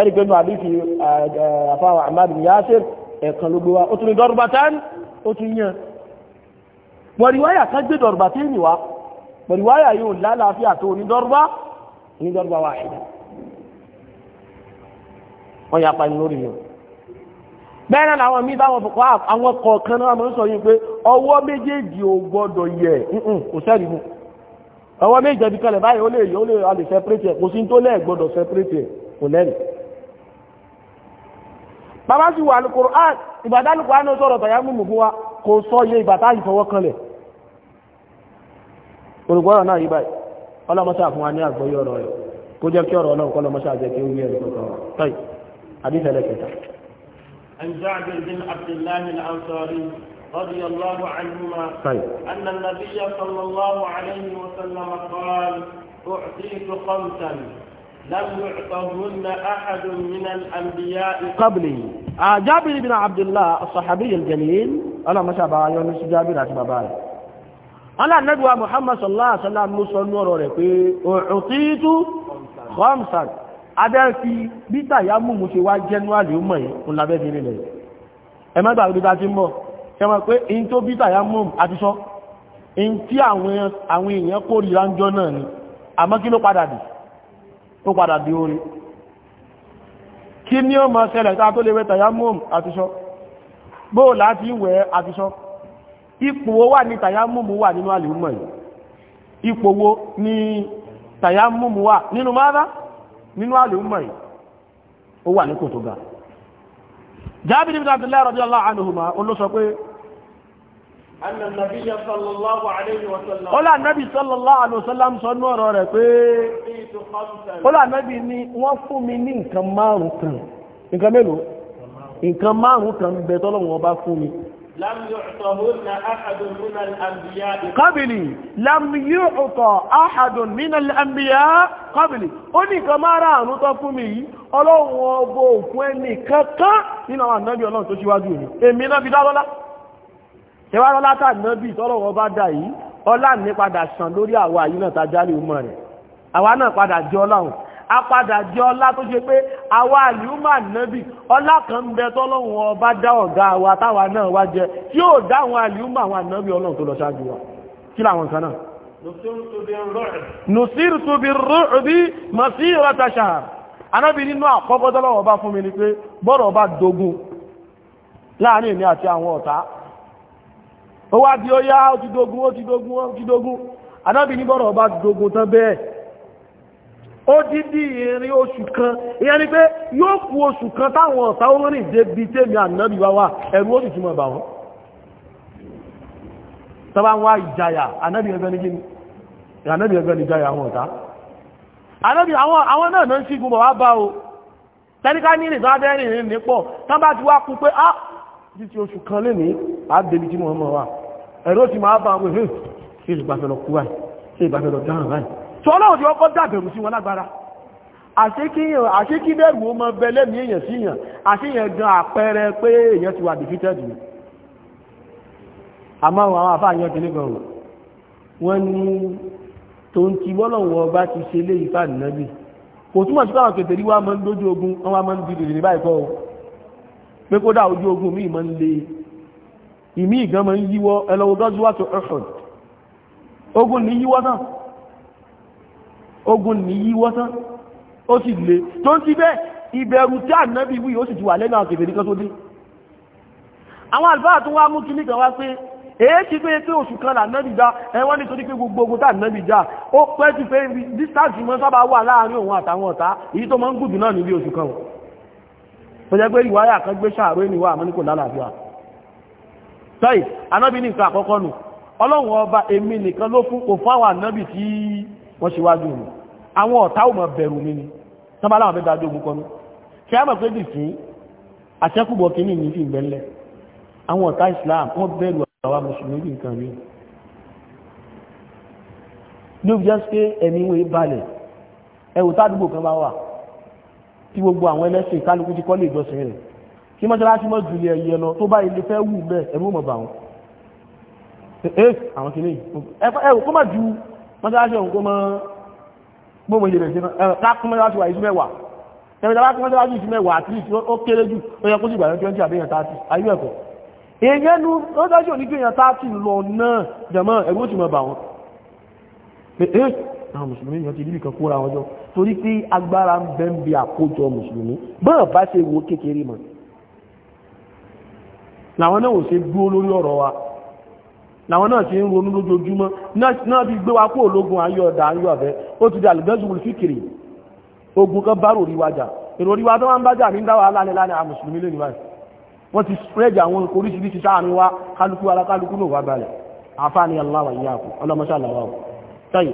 ẹ̀rí pé náà àdífi àfáwà àmàdì yásir ẹ̀kan ló gbé wa ó tún ní dọ́rùbátán ó tún yàn pọ̀ríwáyà kan gbé dọ̀rùbátán ìwá pọ̀ríwáyà yóò lálàáfíà tó ní dọ́rùbá ní dọ́rùbá wa ṣe wọ́n yà pani lórí yàn bẹ́ẹ̀ náà àwọn míì táwọn fòkó àwọn kọ̀ọ̀kan náà máa ń sọ yìí pé ọwọ́ méjèèjì ò gbọ́dọ̀ yẹ kò sẹ́rìí mu ọwọ́ méjèèjì kalẹ̀ báyìí ó lè yọ ó lè separate ẹ̀ kò sí tó lẹ́ẹ̀ gbọ́dọ̀ separate ẹ̀ kò lẹ́rìí bàbá sì wà Al-Qur'an ìbàdá Al-Qur'an sọ̀rọ̀ tàyà múmù fún wa kò sọ iye ìbàtá ìfọwọ́ kanlẹ̀ olùgbọ́rọ̀ náà yí báyìí ọlọ́mọṣà fún wa ní àgbọ́yọ̀ ọ̀rọ̀ rẹ̀ kó jẹ́ kí ọ̀rọ̀ ọlọ́run kọ́ lọ́mọṣà jẹ́ kí ó rí ẹ̀rọ kọ̀ọ̀kan tọ́yì àdífẹ́lẹ̀ kẹta. عن لم يعطهن أحد من الأنبياء قبلي جابر بن عبد الله الصحابي الجليل ألا ما شابه يونس جابر أتبابا ألا ندوى محمد صلى الله عليه وسلم موسى النور ورقي أعطيت خمسا abẹ́ fi bítà ya mú mú ṣe wá jẹ́nuwàlì ó mọ̀ yìí ń labẹ́ fi nílẹ̀ ẹ má gbàgbé ta ti mọ̀ ṣẹmọ̀ pé in tó bítà ya mú àti sọ in tí àwọn èèyàn kórìíra ń jọ náà ni àmọ́ kí ló padà dì tó padà di orí kí ní ó máa ṣẹlẹ̀ tá tó lè wẹ́ tàyámùm àtiṣọ́ bóò láti wẹ́ àtiṣọ́ ipò wà ní tàyámùm wà nínú àlèhùmọ̀ yìí ipò ní tàyámùm wà nínú mara nínú àlèhùmọ̀ yìí ó wà ní kò tó ga Ọlá ànábì sallallahu alaihi wasallam sọ ní ọ̀rọ̀ rẹ̀ pé ọlá ànábì ni wọ́n fún mi ní nǹkan márùn kan. Nǹkan mélòó? Nǹkan márùn kan bẹ tọ́lọ́wọ́ bá fún mi. Kábìlì, lam yu'ta ahadun minal anbiya kábìlì. Ó ní nǹkan márùn tó fún mi yìí, ọlọ́wọ́ nínú àwọn ànábì ọlọ́run tó ṣẹwàá látà nábì tọ́rọ̀ wọn bá dà yìí ọlá ní padà sàn lórí àwa yìí náà tajálì umar rẹ̀ àwa náà padà jẹ́ ọlá wọn a padà jẹ́ ọlá tó ṣe pé àwa àlùmọ̀ nábì ọlá kan ń bẹ tọ́lọ́wọ́n ọba dá ọ̀gá wa táwa náà wá jẹ tí yóò dá àwọn àlùmọ̀ àwọn ànábì ọlọ́run tó lọ ṣáájú wa kí làwọn kan náà. nùsírùtù bí rúùbí masíra tàṣà anábì nínú àkọ́kọ́ tọ́lọ́wọ́n ọba fún mi ni pé bọ́rọ̀ ọba dogun láàrin èmi àti àwọn ọ̀tá ó wá di ó yá ó ti dogun ó ti dogun ó ti dogun anábì ní bọ́rọ̀ ọba dogun tán bẹ́ẹ̀ ó dídí ìrìn oṣù kan ìyẹn ni pé yóò kú oṣù kan táwọn ọ̀tá ó rìn débi tèmi ànábì wá wá ẹ̀rù ó sì túnmọ̀ bà wọ́n tọ́bá ń wá ìjayà anábì ẹgbẹ́ ní gíní anábì ẹgbẹ́ ní ìjayà àwọn ọ̀tá anábì àwọn náà náà ń ṣígun bọ̀ wá bá o tẹ́ríká ní ìrìn tó á dẹ́rìn ní pọ̀ tán bá ti wá kú pé á ah, àbẹ̀bí tí Muhammad wà ẹ̀rọ ti máa bá àwọn ìhìn sí ìgbàfẹ́ lọ kú wáyé sí ìgbàfẹ́ lọ dáhùn wáyé tí ọlọ́run ti ọkọ́ dàbẹ̀rù sí wọn lágbára àṣekí bẹ̀rù ó mọ bẹ lẹ́mìí èèyàn sí èèyàn àṣeyàn gan àpẹẹrẹ pé èèyàn ti wà defeated ni àmọ́ àwọn àfáà yan kìíní kan rò wọ́n ní tó ń ti bọ́lọ̀wọ́ bá ti ṣe lé ìfà nìyànjú kò túmọ̀ sí káwọn kètèrí wá mọ́ lójú ogun wọ́n wá mọ́ ń di dèrè báyìí kọ́ o pé kódà ojú ogun míì mọ́ ń le ìmí ìgánmọ̀ ń yíwọ́ ẹlọ́wọ́ gọ́júwàtò Uhud ogun ní yíwọ́ tán ogun ní yíwọ́ tán ó sì lè tó ń ti bẹ́ ìbẹ̀rù tí ànábì wí ó sì ti wà lẹ́nà àkèfèrí kan tó dé àwọn àlùfáà tó wá mú kí nìkan wá pé èé ti pé pé oṣù kan lànábì já ẹwọ́n nítorí pé gbogbo ogun tá ànábì já ó pẹ́ tọ́ì anábì ní nǹkan àkọ́kọ́ nù ọlọ́run ọba èmi nìkan ló fún kò fáwọn anábì tí wọ́n ṣíwájú mi àwọn ọ̀tá ò mọ̀ bẹ̀rù mi ni tọ́ba láwọn fẹ́ dájú ogun kọ́nu kí a mọ̀ pé dì àṣẹ́kùbọ̀ kínní ní fi ìgbẹ́lẹ̀ àwọn ọ̀tá Islam wọ́n bẹ̀rù àwa mùsùlùmí bí nǹkan rí ní ó jẹ́ pé ẹ̀mí wọ́n balẹ̀ ẹ̀wù tádùgbò kan bá wà tí gbogbo àwọn ẹlẹ́sìn kálukú ti kọ́lé ìjọsìn rẹ̀ kí mọ́ṣáláṣí mọ́ jùlẹ̀ ẹ̀yẹ lọ tó bá ilé fẹ́ wù bẹ́ẹ̀ ẹ̀rú mọ̀ bà wọn ẹ̀ àwọn kìíní ẹ̀rù kó má ju mọ́ṣáláṣí ọ̀hún kó mọ́ gbọ́mọ̀ ìyẹ̀rẹ̀ sí náà káàkùn mọ́ṣáláṣí wà ìsúmẹ́wàá ẹ̀rẹ̀dà bá kí mọ́ṣáláṣí ìsúmẹ́wàá àti ó kéré jù ó yẹ kó sì gbàyàn 20 àbíyàn 30 ayé ẹ̀kọ́ èèyàn nu mọ́ṣáláṣí òní gbìyàn 30 lọ náà jẹ̀mọ́ ẹ̀rú ó sì mọ̀ bà wọn ẹ̀ àwọn mùsùlùmí yàn ti rí ìkan kóra wọn jọ torí pé agbára ń bẹ́ ń bi àkójọ mùsùlùmí bọ́ọ̀ bá ṣe wo kékeré mọ̀ làwọn náà ò ṣe dúró lórí ọ̀rọ̀ wa làwọn náà ṣe ń ronú lójoojúmọ́ náà bí gbé wa kó ológun ayé ọ̀dà ayé ọ̀fẹ́ ó ti di àlùbẹ́sùn fíkìrì ogun kan bá ròrí wájà èrò orí wa tó wọ́n ń bájà ní dáwà láàrin láàrin àwọn mùsùlùmí lónìí báyìí wọ́n ti spread àwọn oríṣiríṣi sáàrin wa kálukú ara kálukú náà wà balẹ̀ àfáàní aláwà ìyá àkù ọlọ́mọṣẹ́ àlàwà ọ̀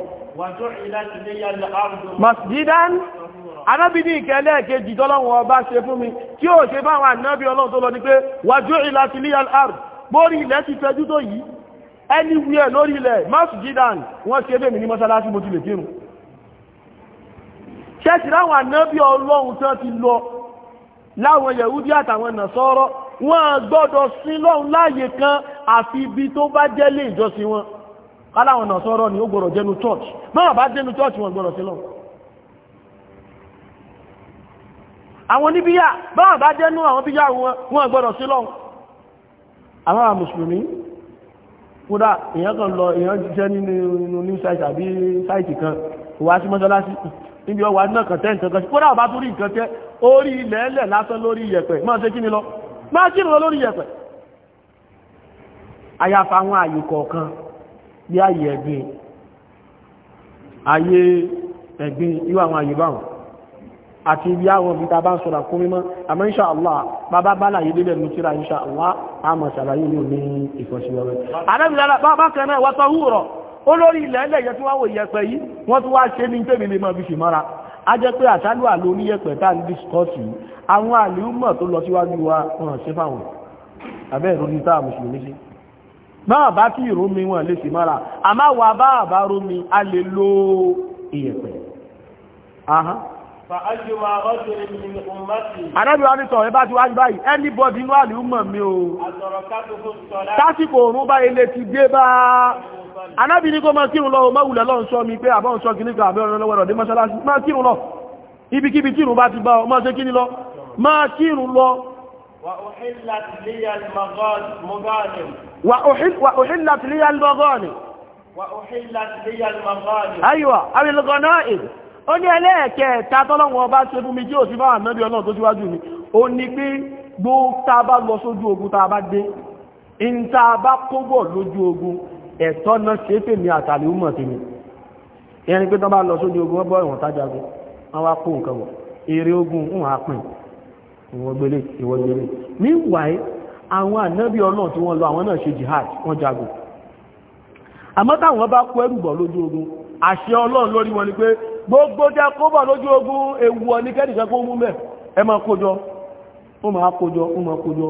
anábì ní ìkẹ́ lẹ́ẹ̀kejì tọ́lọ́wọ́ ọba ṣe fún mi tí ó ṣe báwọn ànábì ọlọ́run tó lọ ní pé wàjú ìlà ti lial ard bórí ilẹ̀ ti fẹjú tó yìí anywhere lórí ilẹ̀ masjidan wọ́n ṣe bẹ́ẹ̀ mi ní mọ́sálásí mo ti lè kírun ṣẹ́ṣì láwọn ànábì ọlọ́run tán ti lọ láwọn yẹ̀húdí àtàwọn nàṣọ́rọ́ wọ́n gbọ́dọ̀ sí lọ́run láàyè kan àfi ibi tó bá jẹ́ lé ìjọsìn wọn káláwọn àwọn oníbíyà báwọn bá jẹ́ nú àwọn bíyà wọn gbọ́dọ̀ sí lọ́n àwọn mùsùlùmí kódà èyàn kan lọ èyàn jẹ́ nínú new site àbí site kan wà sí mọ́sálásí níbi ọwà náà kàn tẹ́ǹkan kan kódà bá tún rí nǹkan tẹ́ orí ilẹ̀ ẹlẹ̀ lásán lórí yẹ̀pẹ̀ máa ṣe kí ni lọ máa kí lọ lórí yẹ̀pẹ̀ àyàfà àwọn àti ibi àwọn ibi tàbá sọ̀rọ̀ kún mímọ́ àmọ́ insha Allah bàbá bá láyé débẹ̀ mú tíra insha Allah àmọ̀ ṣàlàyé yóò ní ìfọ̀síwẹ́wẹ́ àdábìlára bàbá kan náà wọ́n tọ́wúrọ̀ olórí ilẹ̀ ilẹ̀ yẹ tí wọ́n wò yẹpẹ̀ yìí wọ́n tún wá ṣe ní tèmi lè máa fi ṣe mọ́ra a jẹ́ pé àṣálù àlò oníyẹpẹ̀ tá à bá bá àbá rómi a lè Àdájú wa ní sọ̀rọ̀ ẹbá ti wá ní báyìí, anybody inú àlúmọ̀ mi o. Tásìkò òun bá ilé ti dé bá. Ànábì ní kó máa kírun lọ, máa wùlẹ̀ lọ́n sọ mi pé àbọ́n sọ kìíní kan àbẹ́ ọ̀rọ̀ lọ́wọ́rọ̀ dé mọ́ṣáláṣí. Máa kírun lọ, ibikíbi kírun bá ti bá ọ, máa ó ní ẹlẹ́ẹ̀kẹta tọ́lọ́wọ́ ọba ṣe fún mi si ò sí fáwọn to ọlọ́run tó síwájú mi ó ní pé gbó taa ba lọ sójú ogun tá dé ń tá a lójú ogun ẹ̀tọ́ náà ṣe fèmí àtàlẹ́ ó mọ̀ tèmi ẹni pé tán lọ sójú ogun ọgbọ́ ìwọ̀n tájagun wọ́n wá kó nǹkan wọ̀ èrè ogun ń wà àwọn jihad wọ́n jagun àmọ́ táwọn bá kó ẹrù bọ̀ lójú àṣẹ ọlọ́run lórí wọn ni pé gbogbo jẹ́ kóbọ̀ lójú ogun ewu ọ ní kẹ́nìkan kó mú mẹ́ ẹ máa kójọ ó máa kójọ ó máa kójọ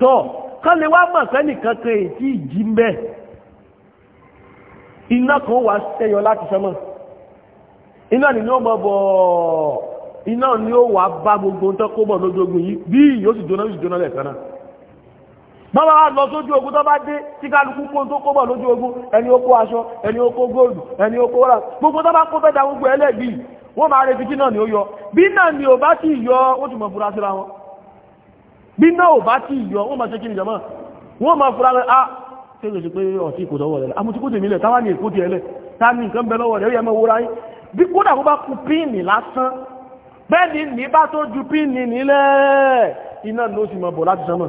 tọ́ kán lè wá mọ̀ kẹ́nìkan kan èyí ìjì mẹ́ iná kan wà ṣẹyọ láti sánmọ̀ iná ni ó mọ̀ bọ̀ iná ni ó wà bá gbogbo tán kóbọ̀ lójú ogun yìí bí yóò sì jóná yóò sì jóná lẹ̀ bọ́bá wá lọ sójú ogun tó bá dé tí kálukú kó tó kó bọ̀ lójú ogun ẹni ó kó aṣọ ẹni ó kó góòlù ẹni ó kó rà gbogbo tó bá kó fẹ́ da gbogbo ẹlẹ́gbì wọ́n máa retí bí náà ni ó yọ bí náà ni ò bá tí yọ ó ti mọ̀ fura síra wọn bí náà ò bá tí yọ wọ́n máa ṣe kí ni jọmọ́ wọ́n máa fura rẹ̀ á ṣe lè ṣe pé ọ̀tí kò lọ́wọ́ rẹ̀ àmọ́ tí kò tèmi lẹ̀ táwa ní èkó tiẹ̀ lẹ̀ ta ni nǹkan bẹ lọ́wọ́ rẹ̀ ó yẹ mọ́ wúra yín bí kódà kó bá kú píìnì lásán bẹ́ẹ̀ ni ní bá tó ju píìnì nílẹ̀ iná ló sì mọ̀ bọ̀ láti sánmọ̀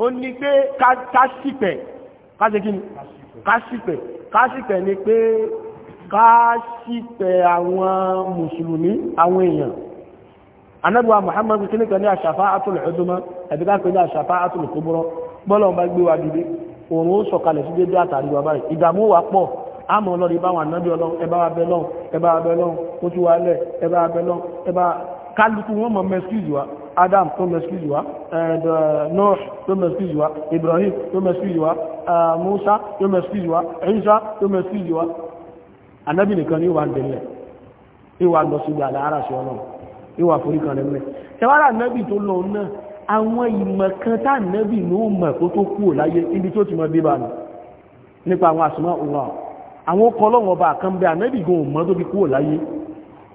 ó ní pé kásìpẹ̀ kásì kí ni kásìpẹ̀ kásìpẹ̀ ni pé kásìpẹ̀ àwọn mùsùlùmí àwọn èèyàn anábíwá muhammadu kí ní kan ní àṣàfá àtúlù ẹ̀dùnmọ́ ẹ̀dùnká pé ní àṣàfá àtúlù kúbúrọ́ bọ́lọ̀ bá gbé wa dìde òun ó sọ̀kalẹ̀ sí dédé àtàrí wa báyìí ìdààmú wa pọ̀ àmọ́ lọ́rí báwọn ànábí ọlọ́run ẹbá wa bẹ́lọ́run ẹbá wa bẹ́lọ́run ó tú wa lẹ̀ ẹbá wa bẹ́lọ́run ẹbá kálukú wọn mọ̀ mẹ́sìlì wa adam tó mẹ́sílì wá eh, north tó mẹ́sílì wá ibrahim tó mẹ́sílì wá eh, musa tó mẹ́sílì wá isa tó mẹ́sílì wá anábì nìkan ní ìwà ń dẹ̀lẹ̀ ìwà lọ sí ìgbà lára sí ọlọ́run ìwà forí kan lẹ́mẹ́ tẹwàrà anábì tó lọ náà àwọn ìmọ̀ kan tá anábì ló mọ̀ kó tó kú láyé ibi tó ti mọ bíbá nù nípa àwọn àsùnmọ́ ọlọ́run àwọn ọkọ̀ ọlọ́run ọba kan bẹ anábì gan ò mọ́ tó fi kú láyé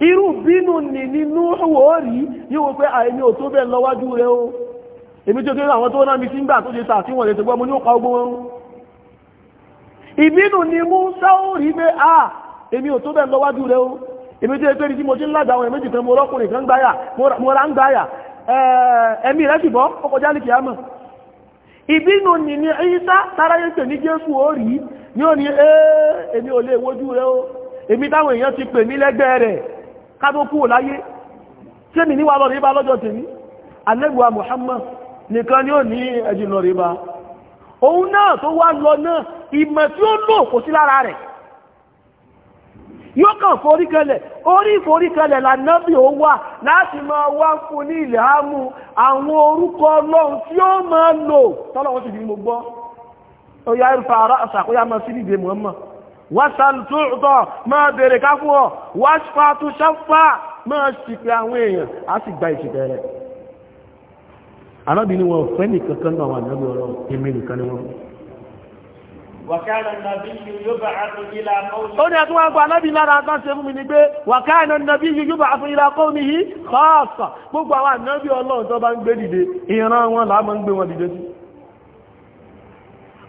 irú bínú nì nínú owó rí yíwo pé àìní ò tó bẹ́ẹ̀ lọ́wájú rẹ o èmi tó kéré àwọn tó náà mi sí ń gbà tó ṣe tà tí wọ́n lè tẹ̀gbọ́ mo ní ó pa ogun wọn ìbínú ni mú sáórí pé à èmi ò tó bẹ́ẹ̀ lọ́wájú rẹ o èmi tó kéré tí mo ti ń ládàá àwọn èméjì kan mo rọ́kùnrin kan gbáyà mo ra ń gbáyà ẹ̀mí rẹ̀ sì bọ́ ó kọjá ní ìbínú ni ní ìsá táráyé pè ní jésù ó rí ní ó ní ẹ́ èmi ò lè wojú rẹ o èmi táwọn èèyàn ti pè mí lẹ́gbẹ́ rẹ̀ kábó kúrò láyé tí mi níwà lọ́rọ̀ ibá lọ́jọ́ tèmi alẹ́gbà Muhammad nìkan ni ó ní ẹjì lọ́rọ̀ ibá òun náà tó wá lọ náà ìmọ̀ tí ó lò kò sí lára rẹ̀ yóò kàn foríkẹlẹ̀ orí ìforíkẹlẹ̀ lànàbí ó wà láti máa wá fún ní ilẹ̀ ámú àwọn orúkọ ọlọ́run tí ó máa lò tọ́lọ́wọ́ sì fi mo gbọ́ ó yá ìfà àṣàkóyá máa sí ìdè Muhammad wásán tó ọ̀tọ̀ máa bèèrè ká fún ọ wáṣfà tó ṣáfà máa ṣìpẹ̀ àwọn èèyàn á sì gba ìṣìpẹ̀ rẹ̀ arábìnrin wọn fẹ́ nìkan kan náà wà nínú ọ̀rọ̀ èmi nìkan ni wọn. ó ní nàbí yíyú bá ilá kọ́ yìí kọ́ọ̀sà gbogbo àwọn ànábì ọlọ́run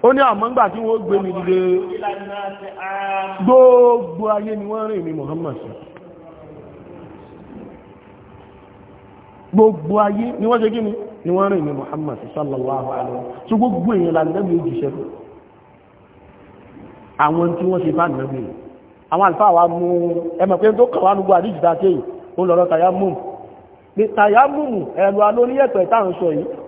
ó ní àmọ́ngbà tí wọ́n gbé mi dìde gbogbo ayé ni wọ́n rìn mi Muhammad gbogbo ayé ni wọ́n ṣe kí ni ni wọ́n rìn mi Muhammad sallallahu alaihi wa sallam gbogbo èèyàn lànàbí òjìṣẹ́ fún àwọn tí wọ́n ṣe bá nàbí àwọn àlfà wa mú ẹmọ̀ pé tó kàn wá nùgbò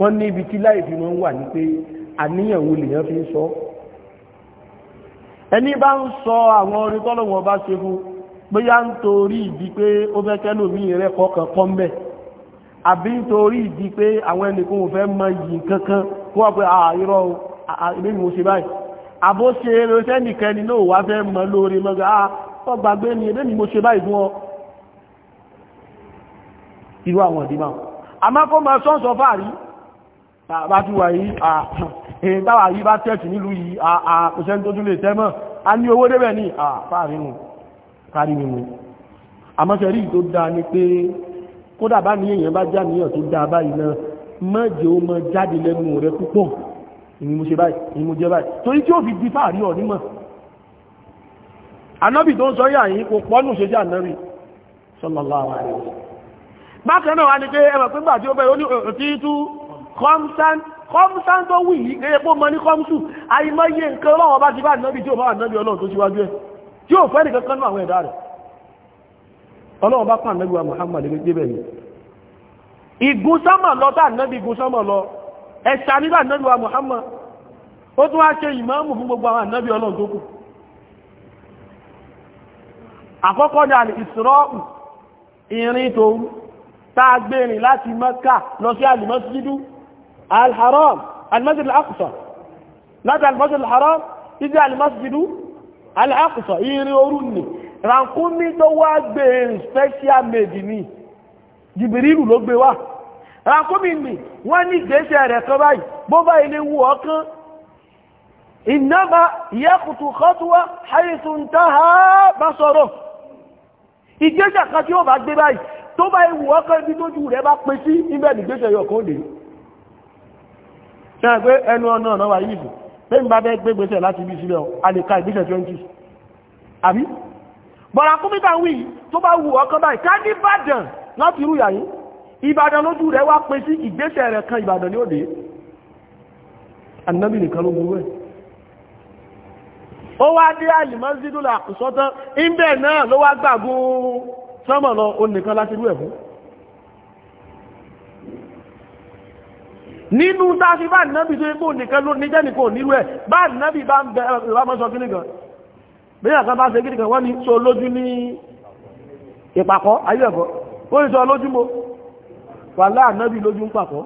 wọ́n ní ibi tí láìfi mọ́ ń wà ní pé àníyàn wo lèyàn fi ń sọ ẹni bá ń sọ àwọn orin bá ṣe fún bóyá ń torí ìdí pé ó fẹ́ kẹ́lò mí rẹ̀ kọkàn kọ́ mbẹ̀ àbí ń torí ìdí pé àwọn ẹnìkan fẹ́ mọ yìí kankan kó wà pé àìrọ̀ ìlú báyìí àbó kó máa sọ́ǹsọ̀ fáàrí Ah, bá tí wà yìí ah, èyí táwà yìí bá tẹ́ẹ̀tì nílùú yìí àkùsẹ́ ah, tó tún lè tẹ́mọ̀ a ní owó débẹ̀ ní àfáàrínú àmọ́sẹ̀rí tó dáa ni pé kódà bá ní èèyàn bá jáníyàn tó dáa báyìí náà mọ́jẹ́ ó mọ jáde lẹ́nu rẹ púpọ̀ ìní mo ṣe báyìí ìní mo jẹ báyìí torí tí ó fi di fáàrí ọ̀nímọ̀ anábì tó ń sọ yà yìí kò pọ́nù ṣe jẹ́ ànábì sallallahu alaihi wasallam bákan náà wá ní pé ẹmọ̀ pé gbà tí ó bẹ̀rẹ̀ ó ní òtítú kọ́msán kọ́msán tó wù yìí gẹ́gẹ́ pó mọ ní kọ́msù àìmọye nǹkan ọlọ́wọ́ bá ti bá nàbí tí ó bá wà nàbí ọlọ́run tó síwájú ẹ̀ tí ó fẹ́ nìkan kan ní àwọn ẹ̀dá rẹ̀ ọlọ́wọ́ bá pàn nàbí wa Muhammad lè gbé bẹ̀rẹ̀ ìgún sánmà lọ tá nàbí ìgún sánmà lọ ẹ̀sà nígbà nàbí wa Muhammad ó tún wá ṣe ìmáàmù fún gbogbo àwọn nàbí ọlọ́run tó kù àkọ́kọ́ ni àlè ìsìrọ́ọ̀kù ìrìn tòun tá a gbé rìn láti الحرام المسجد الأقصى láti almasjid alharam ìdí almasjidu al'aqsa ìrìn orun ni rankumi tó wá gbé special made ni jìbìrìlù ló gbé wá rankumi ni wọ́n ní gbéṣẹ́ rẹ̀ kan báyìí bó bá ilé wú ọkán ìnába yẹ́kùtù kọ́tùwá haìsùn táhà bá sọ̀rọ̀ ìgbéṣẹ́ kan tí ó bá gbé báyìí tó bá ìwú ọkán ibi tójú rẹ̀ bá pẹ́ sí ibẹ̀ nìgbéṣẹ́ yọ̀kan dèé náà pé ẹnu ọ̀nà ọ̀nà wà yìí pé ń bá bẹ́ gbé gbèsè láti ibi sílẹ̀ àlèkà ìgbésẹ̀ 20 àbí bọ̀rà kúmítà ń wí tó bá wù ọkọ̀ báyìí ká ní Ìbàdàn láti irú yàyí Ìbàdàn lójú rẹ̀ wá pé sí ìgbésẹ̀ rẹ̀ kan Ìbàdàn ní òde annabi nìkan ló burú ẹ̀ ó wá dé nínú táṣí bá nábi tó ipò nìkan ló ní jẹ́nìkan nílú ẹ̀ bá nábi bá ń bẹ ìbámọ́sọ kí nìkan bíyà kan bá ṣe kí nìkan wọ́n ni so lójú ní ìpàkọ́ ayé ẹ̀kọ́ ó ní sọ lójú mo wà láàánábi lójú ń pàkọ́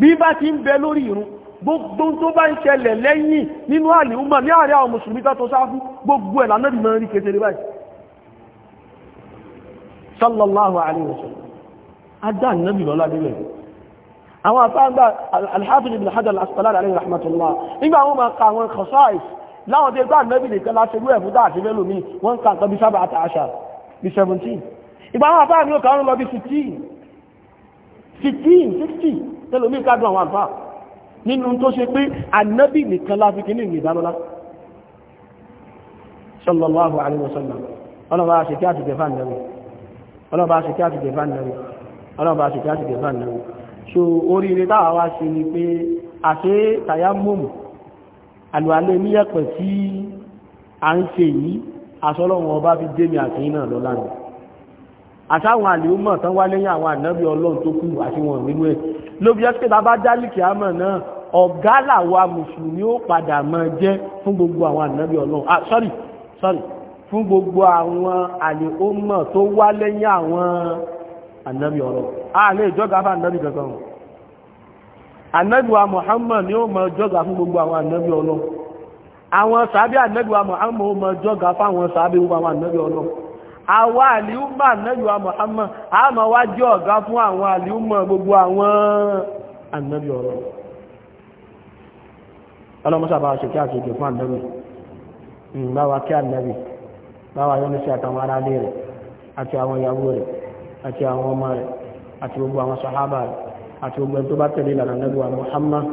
bí bá ti ń bẹ lórí ìrun gbogbo tó bá ń ṣẹlẹ̀ lẹ́yìn nínú àlèúmọ̀ ní àárẹ̀ àwọn mùsùlùmí tó sáfú gbogbo ẹ̀ lánàbì máa rí kékeré báyìí sallallahu alaihi wasallam adá ànábì lọ́lá àwọn àfáàgbà alhafiz ibn hajar al-asqalani alayhi rahmatullah nígbà àwọn ma ka àwọn khasa'is láwọn tí ó gbà nẹ́bì nìkan láti rú ẹ̀fúta àti mẹ́lò mi wọ́n ka nǹkan bí sábà àti àṣà bí 17 ìgbà àwọn àfáà ní ó kàánù lọ bí 15 15 60 tẹ́lò mí kádùn àwọn àfáà nínú tó ṣe pé ànẹ́bì nìkan láti kí ní ìdánulá sallallahu alayhi wa sallam ọlọ́ba àṣekí àti gẹ̀fà nẹ́rù ọlọ́ba àṣekí àti gẹ̀fà nẹ́rù ọlọ́ba àṣekí àti so oríire táwà wá ṣe ni pé àṣẹ tàyámọ́mù àlùwalẹ̀ níyẹ̀pẹ̀ tí a ń ṣe yìí àṣọ́lọ́wọ́n ọba fi dé mi àti náà lọ́lá ni àtàwọn àlèúmọ̀ tán wá lẹ́yìn àwọn ànábì ọlọ́run tó kù àti wọn nínú ẹ̀ ló bí ẹ́sìkẹ́ bá bá jálìkì àmọ̀ náà ọ̀gá làwa mùsùlùmí ó padà máa jẹ́ fún gbogbo àwọn ànábì ọlọ́run ah sorry sorry fún gbogbo àwọn àlèúmọ̀ tó wá lẹ́yìn àwọn ànábì ọ̀rọ̀ a lè jọ́gà fún ànábì kankan wa Muhammad ni ó mọ jọ́gà fún gbogbo àwọn ànábì ọlọ́ àwọn sàábí ànábì Muhammad ó mọ jọ́gà fún àwọn sàábí gbogbo àwọn ànábì ọlọ́ àwa àlìúmọ̀ ànábì Muhammad wá fún àwọn àlìúmọ̀ gbogbo àwọn ànábì ọlọ́ àti àwọn ọmọ rẹ̀ àti gbogbo àwọn sàhábà rẹ̀ àti gbogbo ẹni tó bá tẹ̀lé ìlànà Ànábì wa Muhammad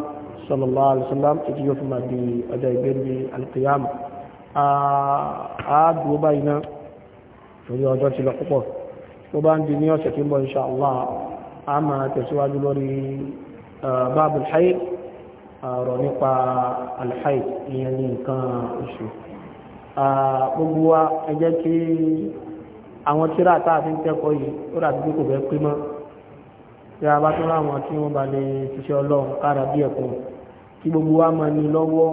sallallahu alaihi wasallam títí yóò fi máa di ọjọ́ ìgbẹ́ni alqiyama àádùú báyìí náà torí ọjọ́ ti lọ púpọ̀ tó bá ń di ní ọ̀sẹ̀ tí ń bọ̀ insha Allah àwọn tíra tá a fi ń kẹ́kọ̀ọ́ yìí ó rà bí kò fẹ́ pé mọ́ tí a bá tó láwọn tí wọ́n bá lè ṣiṣẹ́ ọlọ́run kára bí ẹ̀kọ́ kí gbogbo wa máa ní lọ́wọ́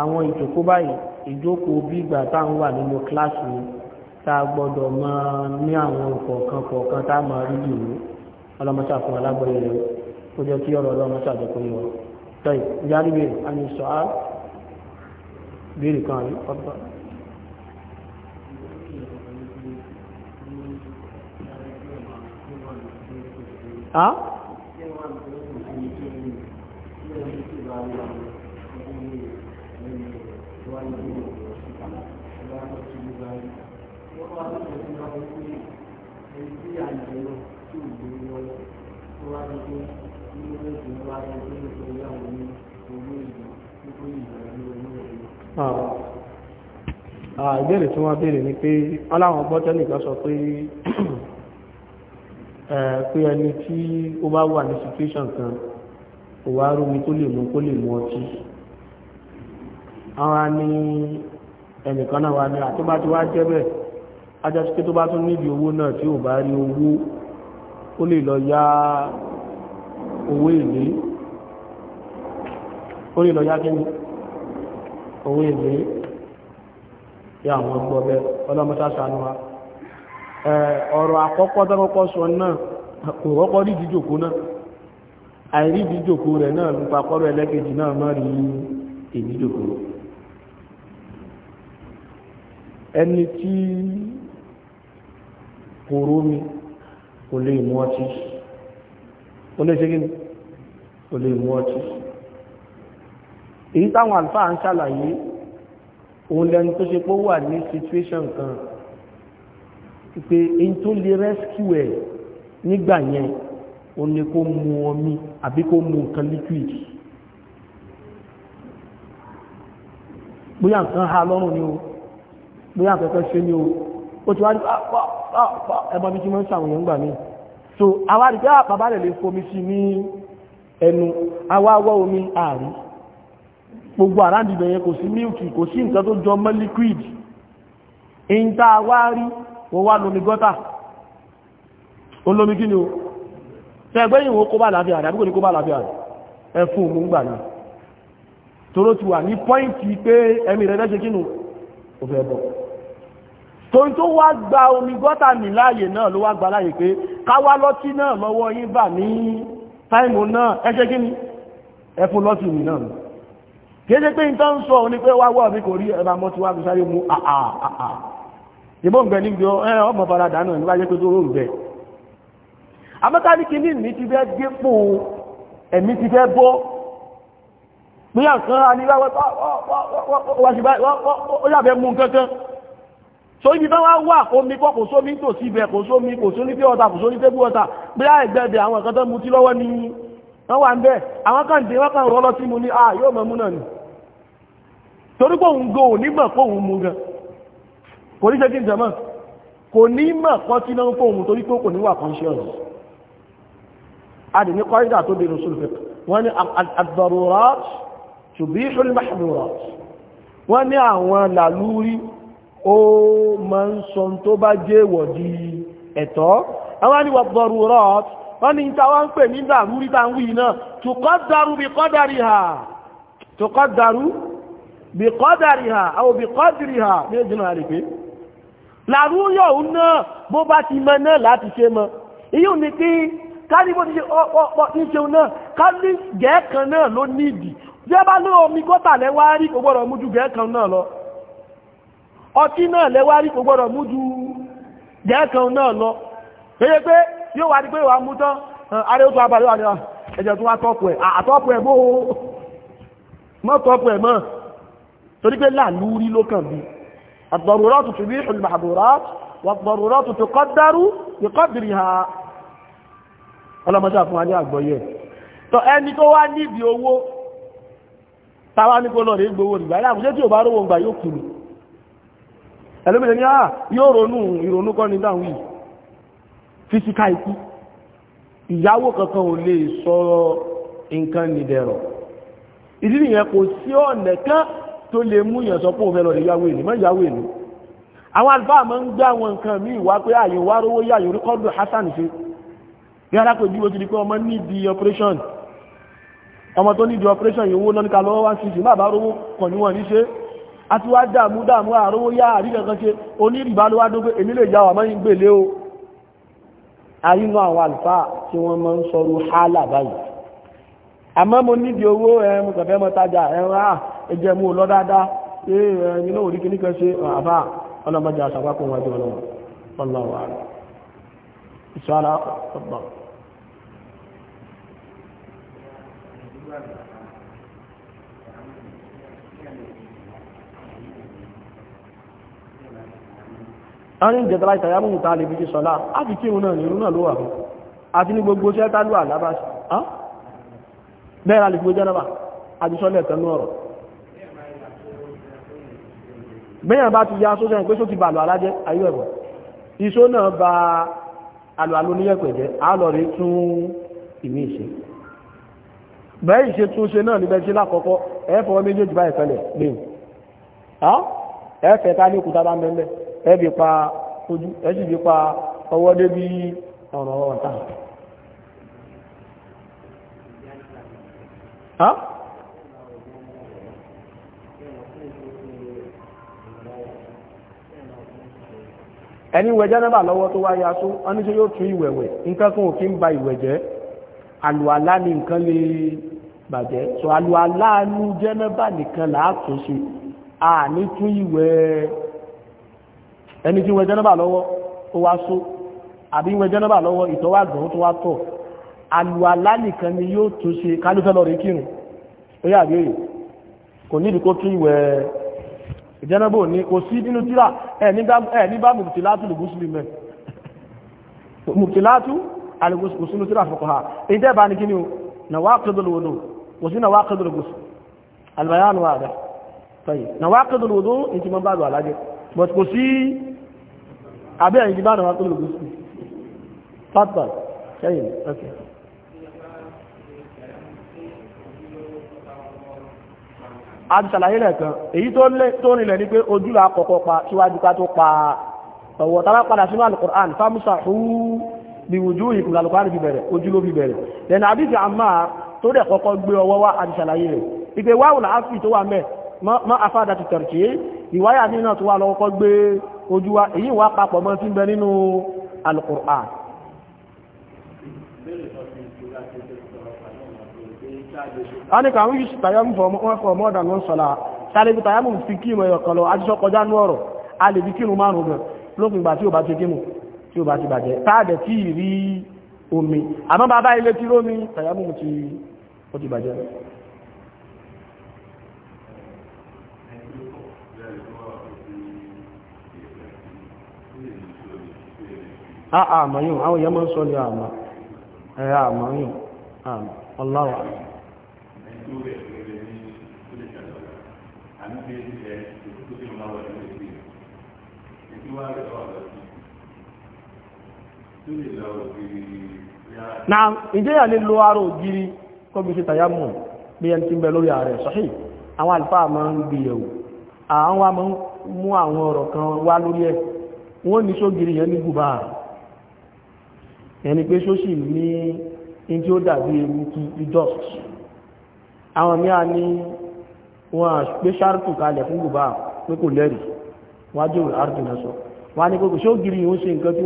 àwọn ìjòkó báyìí ìjókòó bí ìgbà tá à ń wà nínú kíláàsì ni tá a gbọ́dọ̀ máa ní àwọn kọ̀ọ̀kan kọ̀ọ̀kan tá a máa rí jù ní ọlọ́mọṣà fún alágbọ̀yẹ rẹ̀ kó jẹ́ kí ọ̀rọ̀ ọlọ́mọṣà Ah. Ah, ìbéèrè tí wọ́n béèrè ni pé aláwọn gbọ́tẹ́ nìkan sọ pé (clears throat) pé ẹni tí ó bá wà ní situation kan kò wá rómi tó lè mú kó lè mú ọtí àwọn á ní ẹnìkan náà wà ní àtúbá tí wá jẹ́ bẹ́ẹ̀ ajásíké tó bá tún nídìí owó náà tí ò bá rí owó ó lè lọ yá owó èlé ó lè lọ yá kí ní owó èlé yá àwọn ọgbọ́ bẹ́ẹ̀ ọlọ́mọ́sáṣánú wa ọ̀rọ̀ àkọ́kọ́ tọ́kọ́kọ́ sọ náà kò kọ́kọ́ rí ìdíjòkó náà àìrí ìdíjòkó rẹ̀ náà ló pakọ́rọ̀ ẹlẹ́kejì náà má rí ìdíjòkó ẹni tí kò rómi kò lè mú ọtí ó lè ṣe kí ni kò lè mú ọtí èyí táwọn àlùfáà ń ṣàlàyé òun lẹni tó ṣe pé wà ní situation kan pé èyí tó lè rescue ẹ̀ nígbà yẹn ó ní kó mu omi àbí kó mu nǹkan liquid bóyá nǹkan ha lọ́rùn ni o bóyá nǹkan kan ṣe ni o ó ti wá ní pàápàá ẹmọ bí tí wọ́n ń sàwòyàn gbà mí so àwárí pé ah, bàbá rẹ̀ lè fomi sí ní ẹnu awáwọ́ omi ààrí gbogbo àrádìbẹ̀yẹn kò sí milk kò sí nǹkan tó jọ mọ́ liquid in tá a wá rí wọ́n wá lómi gọ́tà olómi kí ni o tẹ́gbẹ́yìn wọ́n kó bá láàfíà rẹ̀ àbíkò ní kó bá láàfíà rẹ̀ ẹfún òmú gbà ní toró ti wà ní pọ́ìntì pé ẹ̀mí rẹ̀ lẹ́ṣe kínú òfẹ́ bọ̀ tóun tó wá gba omi gọ́tà mi láàyè náà ló wá gba láàyè pé káwá lọ́tí náà lọ́wọ́ yín bà ní táìmù náà ẹṣẹ́ kí ẹfún lọ́tí mi náà kì í ṣe pé ìtàn sọ ò ní pé wá wọ́ mi kò rí ẹ̀rọ amọ́tiwá mi sáré mu àà àà ìbọn gbẹ̀ níbi ọmọ bára dánà ní wáyé tó tó rọrùn bẹ̀. amẹ́kálíkì ní ìmí ti fẹ́ dépò ẹ̀mí ti fẹ́ bọ́ pé àkàn aníláwọ́ ó yàbẹ̀ mú kankan so ibi tán wá wà omi pọ̀ kò sómi tò sí ibẹ̀ kò sómi kò sómi pé ọta kò sómi pé bú ọta pé àìgbẹ̀dẹ̀ àwọn ẹ̀kan tó mú tí lọ́wọ́ ní wọ́n wà ń bẹ̀ àwọn kan dé wọ́n kan rọ́ lọ sí mu ní à ah, yóò mọ̀ mú náà gan kò ní ṣẹ́kí ìjọmọ́ kò ní mọ̀ kọ́ tí náà fóòmù torí pé kò ní wà conscious adì ní kọ́rídà tó bèèrè sulfik wọ́n ní ad-darurat tubihu al-mahdurat wọ́n ní àwọn làlúrí ó máa ń sọ tó bá jẹ́ wọ̀dí ẹ̀tọ́ bi qadariha aw bi qadriha ní ìdínà àrífẹ́ làrúyọ̀ òun náà bó bá ti mọ náà láti ṣe mọ ìyíò ní pé kárí bó ti ṣe ọ̀pọ̀ ní ṣeun náà kárí gẹ̀ẹ́kan náà ló nídìí jẹ́ bá ló omi gọ́tà lẹ́wà rí kò gbọ́dọ̀ mú ju gẹ̀ẹ́kan náà lọ ọtí náà lẹ́wà rí kò gbọ́dọ̀ mú ju gẹ̀ẹ́kan náà lọ pẹ̀lẹ́ pé yóò wá di pé wà mú tán arẹ́ oṣù abalẹ̀ wà ní ah, ẹ̀jẹ̀ tó wá tọ́pù ẹ̀ àtọ́pù ẹ̀ bó mọ́ tọ́pù ẹ̀ الضرورات تبيح المحظورات والضرورات تقدر بقدرها ọlọ́mọdé àfún wa ní àgbọ̀yẹ̀ tọ ẹni tó wá níbi owó tàwà ní kó lọ rí gbówó rìgbà ní àmúṣẹ́ tí ò bá rówó ń gbà yóò kìrì ẹlòmìnà ní àà yóò ronú ìrònú kọ́ ní dáhùn yìí físíkà ikú ìyàwó kankan ò lè sọ nǹkan nìdẹ̀rọ̀ ìdí nìyẹn kò sí ọ̀nà kan tó lè mú yàn sọ pé òun fẹ́ lọ lè yáwó èlé mọ́ yáwó èlé àwọn àlùfáà máa ń gbé àwọn nǹkan míì wá pé àyè rówó yá àyè oríkọ́dù ṣe bí alákòjú ó ti di pé ọmọ nídìí operation ọmọ tó nídìí operation yìí owó lọ́nìkà lọ́wọ́ wá sí sí má bá rówó kàn ní wọ́n ní ṣe a ti wá dàmú dàmú àrówó yá àríkankan ṣe onírìbá ló wá dó pé èmi lè yá wà máa o ayínú àwọn àlùfáà tí wọ́n máa ń sọ̀rọ̀ hálà báyìí àmọ́ mo nídìí owó ẹ̀ mo kàn mọ́ tajà ẹ̀ ẹjẹ́ mú lọ dáadáa ṣé ẹ̀yin náà rí kí níkan ṣe àbá ọlọ́mọdé àṣàpapọ̀ wájú ọlọ́wọ́ ọlọ́wọ́ ìṣọ́ra ọ̀pọ̀ àárín ìjẹtara ìtàyà mú ìta lè fi ṣe sọ́lá àti kí òun náà ní ìrúnà ló wà fún àti ní gbogbo ṣẹ́ta ló àlábáṣì bẹ́ẹ̀rẹ̀ àlèfò jẹ́nàbà àti sọ́lẹ̀ tẹnu ọ̀rọ̀ bẹ́yàn bá ti ya sóṣẹ́ ìpé só ti bà lọ́lá jẹ́ ayé ẹ̀bọ̀ iṣó náà ba alùalù níyẹ̀pẹ̀ jẹ́ alọ́rí tún ìmí ìṣe bẹ́ẹ̀ ìṣe tún ṣe náà níbẹ̀ ṣe lákọ́kọ́ ẹ̀fọ́ méjèèjì bá ìfẹ́lẹ̀ léwu ẹ̀fẹ́ ká ní òkúta bá mẹ́lẹ̀ ẹ̀bí pa ojú ẹni wẹ̀ jẹ́nẹ́bà lọ́wọ́ tó wáyé aṣọ wọn ní ṣe yóò tún ìwẹ̀wẹ̀ nǹkan kan ò kí ń ba ìwẹ̀ jẹ́ àlùalá ni nǹkan lè bàjẹ́ sọ àlùalá ní jẹ́nẹ́bà nìkan làátún ṣe àní tún ìwẹ̀ ẹni tí wẹ̀ jẹ́nẹ́bà lọ́wọ́ ó wá só àbí wẹ̀ jẹ́nẹ́bà lọ́wọ́ ìtọ́wàgbọ̀n tó wá tọ̀ ìjẹ́nàbò ní kò sí nínú tíra ẹ̀ nígbà mùtìlátù lùgúsùlùmí mùtìlátù alìgúsùlùmí tíra fọ́kọ̀ha ìjẹ́ bá ní kíni nàwákìdùl wùdú kò sí nàwákìdùl gúsù albayanu wà rẹ̀ tọ́yì nàwákìdùl wùdú ní ti mọ́ bá lọ alájẹ́ but kò sí abẹ́ ìjìbá nàwákìdùl gúsù fatwa sẹ́yìn okay a ti ṣàlàyé lẹ́ẹ̀kan èyí tó nílẹ̀ ní pé ojú la kọ́kọ́ pa síwájú ká tó pa ọ̀wọ̀ tara padà sínú alukur'an famusahu bi wujuhikum alukur'an fi bẹ̀rẹ̀ ojú ló fi bẹ̀rẹ̀ lẹ́nu àbíkì àmà tó dẹ̀ kọ́kọ́ gbé ọwọ́ wá a ti ṣàlàyé rẹ̀ ìpè wáwùn àfi tó a ní kàwọn yìí tàyàmù for more than one solar sáré bí tàyàmù fi kí ìmọ̀ ẹ̀yọ̀kan lọ ajíṣọ́ kọjá ní ọ̀rọ̀ a lè fi kírun márùn-ún gan lópin ìgbà tí ó bá ti kírun tí ó bá ti bàjẹ́ táàdẹ̀ tí ì rí omi àmọ́ bàbá ilé tí rómi tàyàmù ó ti bàjẹ́ àmà yóò a na ǹjẹ́ yà lè lo ara ògiri kó ṣe tàyà mọ̀ bí ẹni tí ń bẹ lórí ààrẹ sọ́hì àwọn àlùfáà ma ń àwọn wa ma ń mú àwọn ọ̀rọ̀ kan wá lórí ẹ̀ wọ́n ní sógiri yẹn ní gùbà ẹni pé sóṣì ní in tí ó dàbí ewu àwọn mìíràn ní wọ́n gbé ṣáàrùtù kalẹ̀ fún gbùbá pé kò lẹ́rì wájú àrùtù náà sọ wọ́n ní kòkò ṣógiri ìhún ṣe nǹkan tí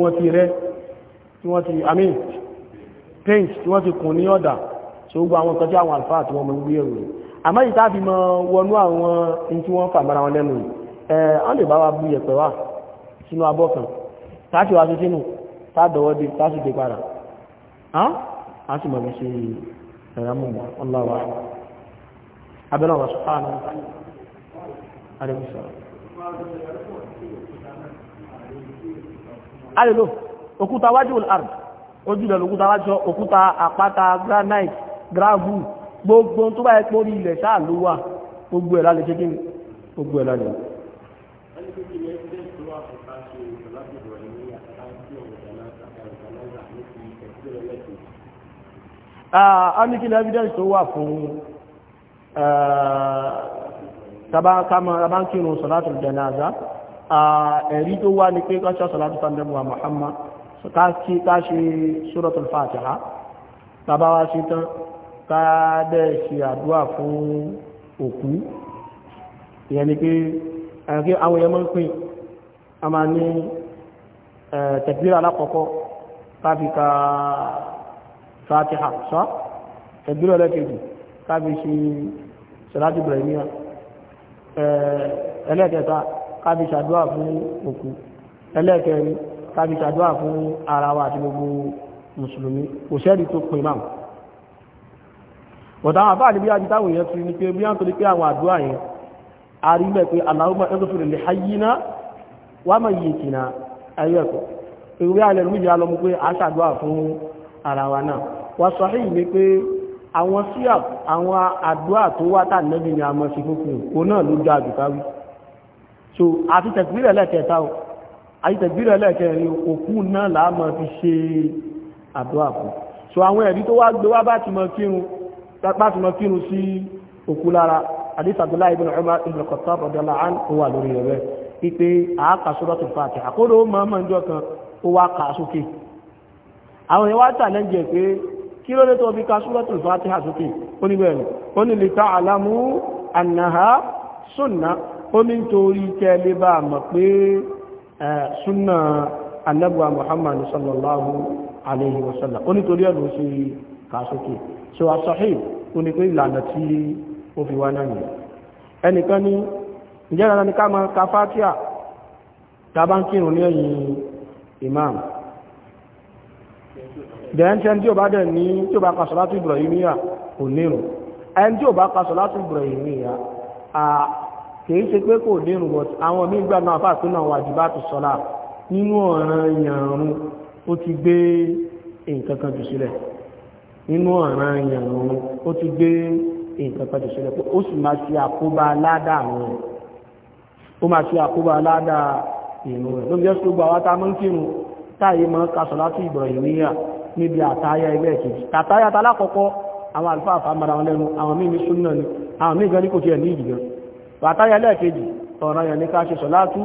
wọ́n ti rẹ́ tí wọ́n ti amín paint tí wọ́n ti kùn ní ọ̀dà tó gbọ́ àwọn nǹkan tí àwọn àlfáà tí wọ́n mọ̀ wí ẹ̀rù àmọ́ ìta fi mọ wọnú àwọn in wa bú yẹ̀pẹ̀ wà sínú abọ́ kan táti wá sí sínú tẹ̀yàmù ọláwà abẹ́rẹ́ ọ̀rọ̀ sùpáàlù adébùsọ̀rọ̀ alìlò òkúta wájú àrùn ojúlẹ̀ òkúta wájú òkúta àpáta granite gravu gbogbo tó bá ẹpọ̀ orí ilẹ̀ sáà ló wà gbogbo ẹ̀ lálẹ́ ṣe kí gbogbo ẹ̀ lálẹ́ amikil ah, evidence tó wà fún eh, tabankinu salatu janaza ah, ẹ̀rí tó wà ní pé kọ́ṣọ́ salatu sandabuwa muhammad ká ṣe suratul fatiha tabawa ṣe tán ká dẹ̀ ṣe àdúwà fún òkú ìyẹn ni pé ẹ̀rẹ́ eh, àwọn ẹmọ́ ń pè a ma ní eh, tẹ̀bíra alákọ̀ọ́kọ́ káfíkà fatiha sọ ẹgbẹ́ ọlẹ́kejì kábi ṣe sọ́láti ibrahimiya ẹlẹ́kẹta kábi ṣàdúrà fún òkú ẹlẹ́kẹrin kábi ṣàdúrà fún ara wa àti gbogbo mùsùlùmí kò sẹ́ẹ̀dì tó pè máa bọ̀dá àwọn àbáàdì bí ajítáwò yẹn ti ní pé bí á ń torí pé àwọn àdúrà yẹn a rí mẹ́ pé Allahumma ẹgbẹ́fẹ́ lè hayyina wa mayyitina ayẹ́kọ̀ọ́ ìwé alẹ́rú ìyá lọ pé a ṣàdúrà fún ara wa náà wà sọ́hí ní pé àwọn sí àwọn àdúrà tó wá tà nẹ́bí ni sí fúnfún kò náà ló dá àdùkáwí so àti tẹ̀gbìrẹ̀ lẹ́kẹta o àti tẹ̀gbìrẹ̀ lẹ́kẹrin òkú náà láàmọ́ fi ṣe àdúrà fún so àwọn ẹ̀rí tó wá gbé wá bá ti mọ kírun sí òkú lára àdísà tó láì ibn Umar ibn Khattab radiyallahu anhu wà lórí ẹ̀rẹ́ pípé àákà suratul Fatiha àkódò mọ́ mọ́ ìjọ kan ó wá kà sókè àwọn ìwá tàlẹ́jẹ̀ pé kí ló lé tó bí ká Suratul Fatiha sókè oníbẹ̀rẹ̀ onílẹ̀ta alamu annaha sunna onítorí tẹ́lé bá mọ̀ pé sunna annabuwa muhammadu sallallahu alaihi wasallam onítorí ẹ̀lú sí ká sókè so a sahih oní pé ìlànà tí ó fi wá náà ẹnìkan ní ìjẹ́ ìrànlẹ́ ká imam dẹ̀ẹ́ntẹ́ tí ó bá dẹ̀ ní tí ó bá kàṣọ láti Ibrahimiya kò nírùn ẹni tí ó bá kàṣọ láti Ibrahimiya à kìí ṣe pé kò nírùn but àwọn míì gbà náà fà pín àwọn àdìbá ti sọ́lá nínú ọ̀ràn yàrún ó ti gbé nǹkan kan jù sílẹ̀ nínú ọ̀ràn yàrún ó ti gbé nǹkan kan jù sílẹ̀ ó sì máa ṣe àkóbá aládà rẹ̀ ó máa ṣe àkóbá aládà ìrùn rẹ̀ ló fi jẹ́ sọ́gbà wa ń kírun táyé mọ́ kàṣọ láti Ibrahimiya níbi àtàyà ẹgbẹ́ ìkejì tàtàyà talákọ̀ọ́kọ́ àwọn àlùfáàfà mara wọn lẹ́nu àwọn míì ní súnà ni àwọn míì gan ní kò tiẹ̀ ní ìdìgbẹ́ bàtàyà lẹ́ẹ̀kejì ọ̀ràn yẹn ní ká ṣe sọ̀láàtú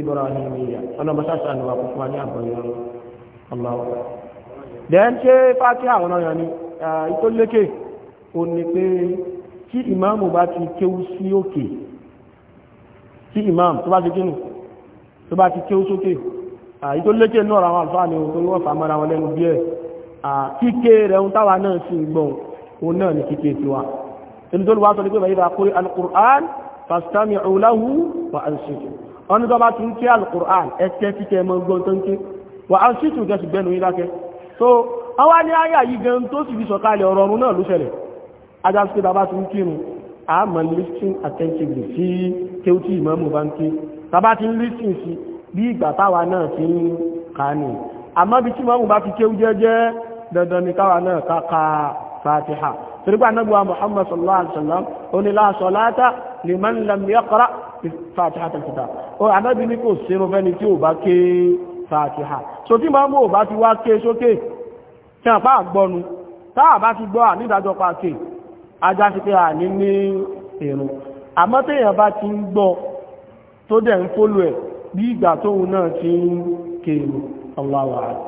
Ibrahimiyya ọlọ́mọṣáṣá ni wà fún wa ní àbọ̀yọ̀ ọlọ́wọ́ dẹ́n ṣe fàtí àwọn ọ̀yàn ni ikó lékè o ní pé tí ìmáàmù bá ti kéwú sí òkè tí ni òkú wọ́n fà mọ́ra wọn lẹ́nu kíké rẹ̀ ń táwa náà sì gbọ́n òun náà ni kíké tiwa ẹni tó lè sọ ní pé bàyí bá kórí alukur'an fastami'u lahu wa ansitu ọ̀nà tó bá ti ń ké alukur'an kíkẹ́ mọ́ gbọ́n tó ń ké wa ansitu gẹ̀ẹ́sì gbẹ́nu yín so àwọn ní ayé yìí gan tó sì fi sọ̀kalẹ̀ ọ̀rọ̀ ọ̀run náà ló ṣẹlẹ̀ ajásí pé bàbá ti ń kírun a mọ̀ àmọ́ bí tí ìmọ̀mù bá fi kéwú jẹ́jẹ́ dandan ni káwa náà káka fatiha torípa anábíwá muhammad sallallahu alaihi wasallam ó ní la salata liman lam yaqra fatiha tẹ̀síta ó anábí ní kò sínú fẹ́ni tí ò bá ké fatiha so tí máa mú ò bá ti wá ké sókè tí àpá àgbọnu táà bá ti gbọ́ ànídàjọ́ pàkè ajá sí pé àní ní èrò àmọ́ téèyàn bá ti ń gbọ́ tó dẹ̀ ń fólú ẹ̀ bí ìgbà tóun náà ti ń kéèrò Allahu a'lam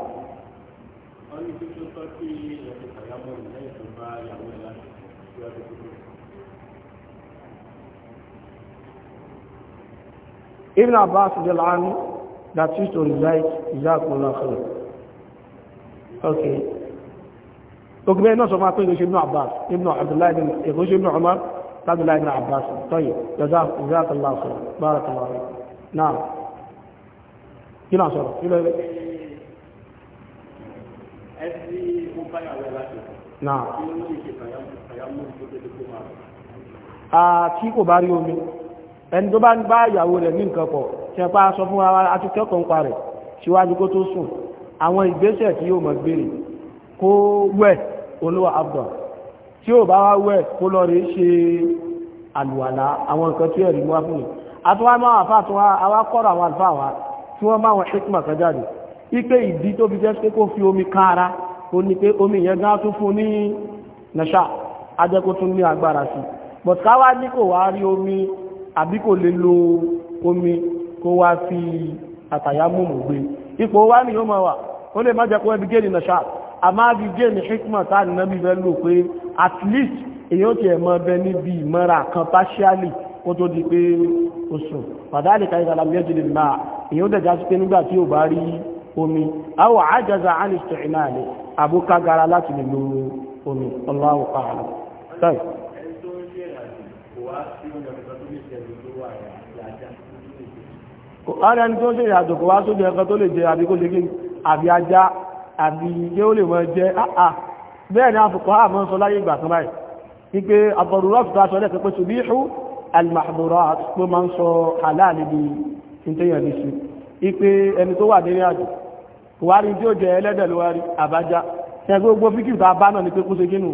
Ibn Abbas Jalani that used to reside Jazakumullah Khair. Okay. Ogbe náà sọ máa pé ìrìnṣẹ́ Ibn Abbas, Ibn Abdullah ibn ìrìnṣẹ́ Ibn Umar, Abdullah ibn Abbas, tọ́yẹ̀, Jazakumullah Khair, Barakallah Khair. Náà, kí náà sọ̀rọ̀, kí lọ́rẹ̀? Ẹ̀sí ó báyàwó láti. Náà. Kí ló ń ṣe ẹni tó bá ń bá ìyàwó rẹ̀ ní nǹkan pọ̀ ṣẹpa sọ fún wa àti kẹ́kọ̀ọ́ ń pa rẹ̀ síwájú kó tó sùn àwọn ìgbésẹ̀ tí yóò mọ̀ gbére kó wẹ̀ olówó abdul tí ó bá wá wẹ̀ kó lọ rí ṣe àlùwàlá àwọn nǹkan tí ẹ̀rí wá fún mi àtúwá máa àfáà tó wá awákọ́rọ̀ àwọn àlùfáà wa tí wọ́n máa wọn ṣíkùmà kan jáde ipe ìdí tó fi jẹ́ pé kó fi omi ká ara ó ní pé omi yẹn gán tún fún ní nàṣà ajẹ́kó tún ní agbára sí but káwá ní kò wá rí omi àbí kò lè lo omi kó wá fi àtàyámùmù gbé ipò wá ní yóò máa wà ó lè má jẹ́ kó ẹbí gẹ́ni nàṣà àmá bí gẹ́ni hikma táà nínú bí fẹ́ lò pé at least èyí ó ti ẹ̀mọ́ bẹ níbi ìmọ́ra kan partially kó tó di pé oṣù fàdáàlì káyí sàlámù yẹ́ jìnnì máa èyí ó dẹ̀já pé nígbà tí ò bá rí omi àwọ̀ àjàzà ànìsọ̀ ìmáàlì àbúkágara láti lè lo omi Allahu a'lam ara ẹni tó ń ṣe ìrìnàjò kò wá sójú ẹ̀kan tó lè jẹ àbí kó ṣe kí àbí ajá àbí ilé ó lè mọ jẹ àà ah, ah. bẹ́ẹ̀ ni àfikọ́ àmọ́ ń sọ láyé ìgbà kan báyìí wípé àbọ̀rúrọ̀ fìtà aṣọ ẹ̀kẹ́ pé ṣubí ìhú al-mahdurat àti pé máa ń sọ halal níbi ìtẹ́yàn lè ṣe wípé ẹni tó wà nílé àjò kò wá rí tí ó jẹ ẹlẹ́dẹ̀ ló wá rí àbájá ẹgbẹ́ gbogbo fíkìrì tá a bá náà ni pé kó ṣe kínú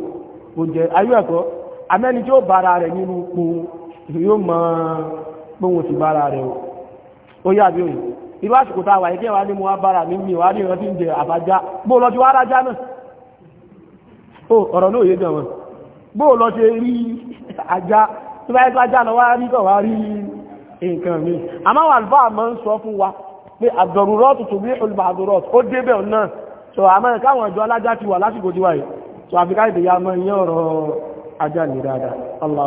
ó yá bí òyìn irú àsìkò tá a wà yìí kí ẹ̀wà ní mo wá bára mi mi wà ní ìrántí ń jẹ àbájá bó lọ ti wá rájá náà ó ọ̀rọ̀ náà yé gan wọn bó lọ ṣe rí ajá tó bá yẹ ká já lọ wá rí kọ̀ wá rí nǹkan mi àmọ́ wà lùbá àmọ́ ń sọ fún wa pé àdọ̀rùrọ́ọ̀tù tó bí olùbàdọ̀rọ̀ọ̀tù ó débẹ̀ náà sọ àmọ́ Allah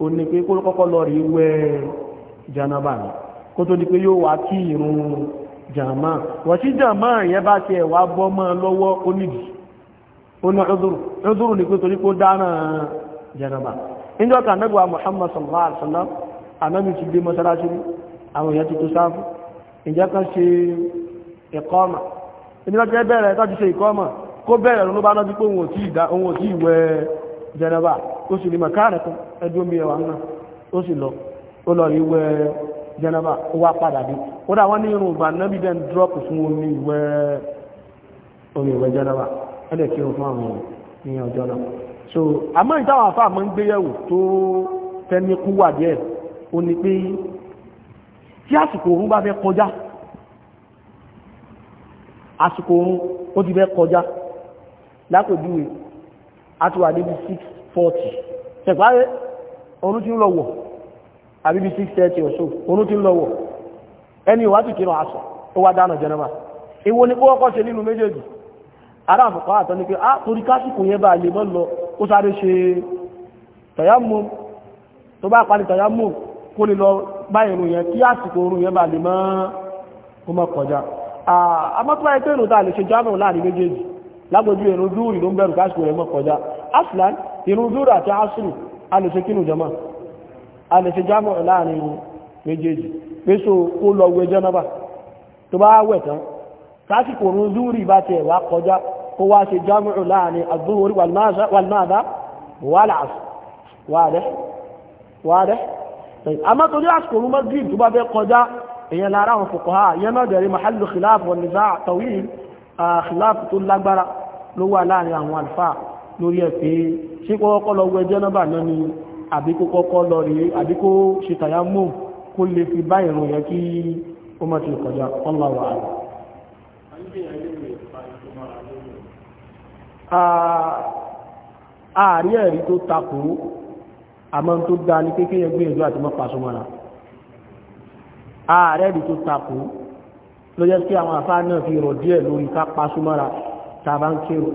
ó ní pé kó kọ́kọ́ lọ rí wẹ̀ janaba ni kó tó di pé yóò wá kí irun jàmá wọ́n tí jàmá yẹn bá ti ẹ̀wà bọ́ mọ́ lọ́wọ́ ó nìdí ó ní ọdúrù ọdúrù ní pé torí kó dáná janaba níjọ́ kan nẹ́gbà Muhammad sallallahu alaihi wasallam anábi ti dé mọ́sálásí àwọn èèyàn ti tó sáfù ìjẹ́ kan ṣe ìkọ́mà ìbí láti bẹ̀rẹ̀ láti ṣe ìkọ́mà kó bẹ̀rẹ̀ ló bá náà bí pé òun ò tí ìwẹ̀ ó sì lè màkà rẹ̀ kan ẹdún bí ẹwà náà ó sì lọ ó lọ rí wẹ jẹnaba ó wá padà dé ó dà wọ́n ní irun ìgbà nábì dẹ́n drop fún omi ìwẹ́ omi ìwẹ́ jẹnaba ẹ̀dẹ̀ kí o fún àwọn ní ọjọ́ náà so àmọ́ ìtàwọn àfáà mọ́ ń gbéyẹ̀wò tó tẹ́ni kú wà díẹ̀ ó ní pé tí àsìkò oòrùn bá fẹ́ kọjá níbi 40 ṣẹ̀pá orun tí ń lọ wọ̀ àbí bí 630 or so orun tí ń lọ wọ̀ ẹni ìwà tí kìrọ aṣọ ó wá dáná jẹnàmà èwo ni kó ọkọ̀ ṣe nínú méjèèjì ara àfọ̀kọ́ àtọ́ ni pé a ah, torí kásìkò yẹn bá lè mọ́ lọ ó sáré ṣe tọ̀yámù tó bá parí tọ̀yámù kó lè lọ bá ìrùn yẹn kí àsìkò orun yẹn bá lè mọ́ ó mọ́ ah, lágbójú èrò dúró ìlú ń bẹ̀rù kásìkò yẹn kọjá aslan irun zuru àti asru a lè ṣe kínú jama a lè ṣe jámọ̀ láàrin méjèèjì pèsò ó lọ wẹ jẹ́nàbà tó bá wẹ̀ tán sásìkò orun zúrì bá ti ẹ̀wà kọjá kó wá ṣe jámọ̀ láàrin az-zuhri wal-madha wal-asr wàdẹ́ wàdẹ́ àmọ́ torí àsìkò orun magrib khilaf wọn nìzá ah, ló wà láàrin àwọn alfáà lórí ẹ̀ pé ṣé kọ́kọ́ lọ wẹ jẹ́nàbà náà ni àbí kó kọ́kọ́ lọ rí àbí kó ṣe tàyà mú kó lè fi bá ìrùn yẹn kí ó mọ́ ti kọjá ọláwà rẹ̀ ààrí ẹ̀rí tó takò àmọ́ tó dá ní kékeré sí àwọn àfáà náà fi rọ̀ díẹ̀ lórí ká pàṣọmọ́ra tàbá ń kírun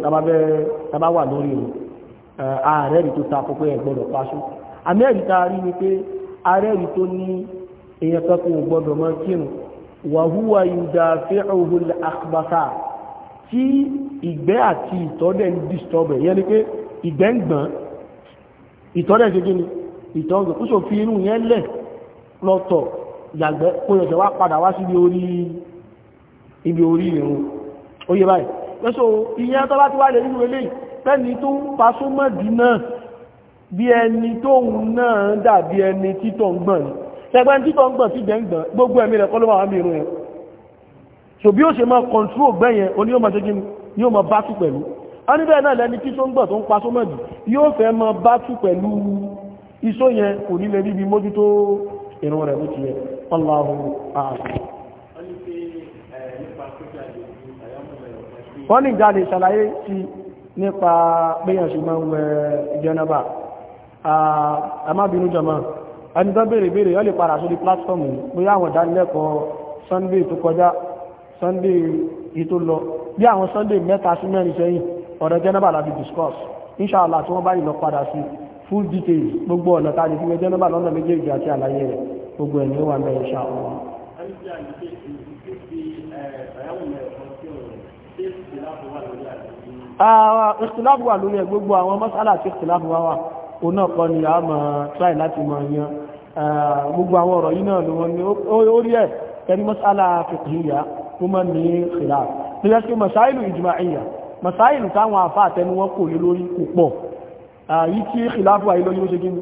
tàbá wà lórí rẹ̀ ààrẹ rí tó ta kókó ẹ̀ gbọ́dọ̀ paṣọ àmì ẹ̀rí ta rí ni pé ààrẹ rí tó ní èèyàn kan kò gbọ́dọ̀ máa kírun wàhúwa yudafi'uhu al-akhbatha tí ìgbẹ́ àti ìtọ́dẹ̀ ń disturb ẹ̀ yẹn ni pé ìgbẹ́ ń gbọ̀n ìtọ́dẹ̀ ṣe ni ìtọ́gbẹ̀ kúṣò fi inú yẹn lẹ̀ lọ́tọ̀ yàgbẹ́ kó yọ̀ṣẹ̀ wá padà wá sí ibi orí ìrun ó báyìí lọ́sọ̀ ìyẹn tó bá ti wá lè nínú ilé pẹ́ni tó ń pa súnmọ́ dì náà bí ẹni tó ń náà dàbí ẹni títọ̀ ń gbọ̀n ṣẹgbẹ́ títọ̀ ń gbọ̀n sí gbẹ̀ngbọ̀n gbogbo ẹ̀mí rẹ̀ kọ́lọ́wà wà mìíràn yẹn so bí ó ṣe máa kọ̀ntró gbẹ̀yẹn oní yóò máa ṣe yóò máa bá tú pẹ̀lú a níbẹ̀ náà lẹni tí tó ń gbọ̀n tó ń pa súnmọ́ dì Allahu a'lam wọ́n ní ìjáde ṣàlàyé ti nípa péyànṣù máa ń wẹ ìjẹnàbà àmábìnú jọmọ́ ẹni tó béèrè béèrè yọ́ lè padà sórí plátífọ́ọ̀mù bóyá àwọn ìdánilẹ́kọ̀ọ́ sunday tó kọjá sunday yìí tó lọ bí àwọn sunday mẹ́ta sí mẹ́rin sẹ́yìn ọ̀rọ̀ jẹ́nàbà láti discuss inṣàlá tí wọ́n bá yìí lọ padà sí full details gbogbo ọ̀nà tàbí fún jẹ́nàbà lọ́nà méjèèjì àti àlàyé rẹ̀ gbogbo ẹ̀ ní ó wà mẹ́rin ṣàlọ́ ìsìláàbù ah, wà lórí ẹ̀ gbogbo àwọn mọ́sálà tí ìsìláàbù wá wà ó náà kọ́ ni a mọ̀ tráì láti mọ̀ yan ah, gbogbo àwọn ọ̀rọ̀ yìí náà ló wọ́n ní ó rí ẹ̀ ẹni mọ́sálà fìkìyà ó mọ́ ní ìsìláàbù nígbà tí mọ̀sáìlù ìjìmáìyà mọ̀sáìlù táwọn àfá àtẹnuwọ́ kò lé lórí kò pọ̀ ah, yìí tí ìsìláàbù wà lórí ó ṣe gíní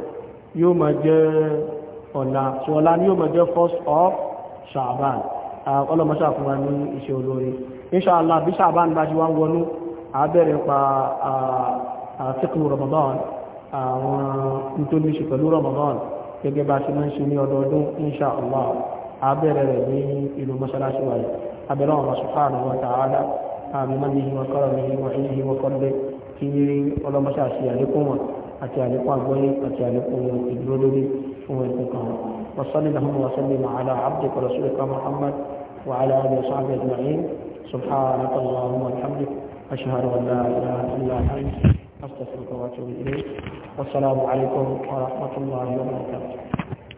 yóò máa jẹ́ ọ̀la tí ọ̀la ni yóò máa jẹ́ first of Sha'ban ọlọ́mọṣà fún wa ní iṣẹ́ olóore inṣàlá bí Sha'ban bá ti wá ń wọnú àbẹ̀rẹ̀ pa àtìkù Ramadan àwọn nítorí ṣe pẹ̀lú Ramadan gẹ́gẹ́ bá ṣe máa ń ṣe ní ọdọọdún inṣàlá àbẹ̀rẹ̀ rẹ̀ ní ìlú mọ́ṣáláṣí wáyé abẹ́rẹ́ Allah subhanahu wa ta'ala àmì mọ́ni wa karamihi wa àti àlékún àgbọ́yé àti àlékún ìdúró lórí fún ẹ̀sìn kan wa sallallahu wa sallim ala abdika rasulika muhammad wa ala alihi wa sahbihi ajma'in subhanaka allahumma wa bihamdik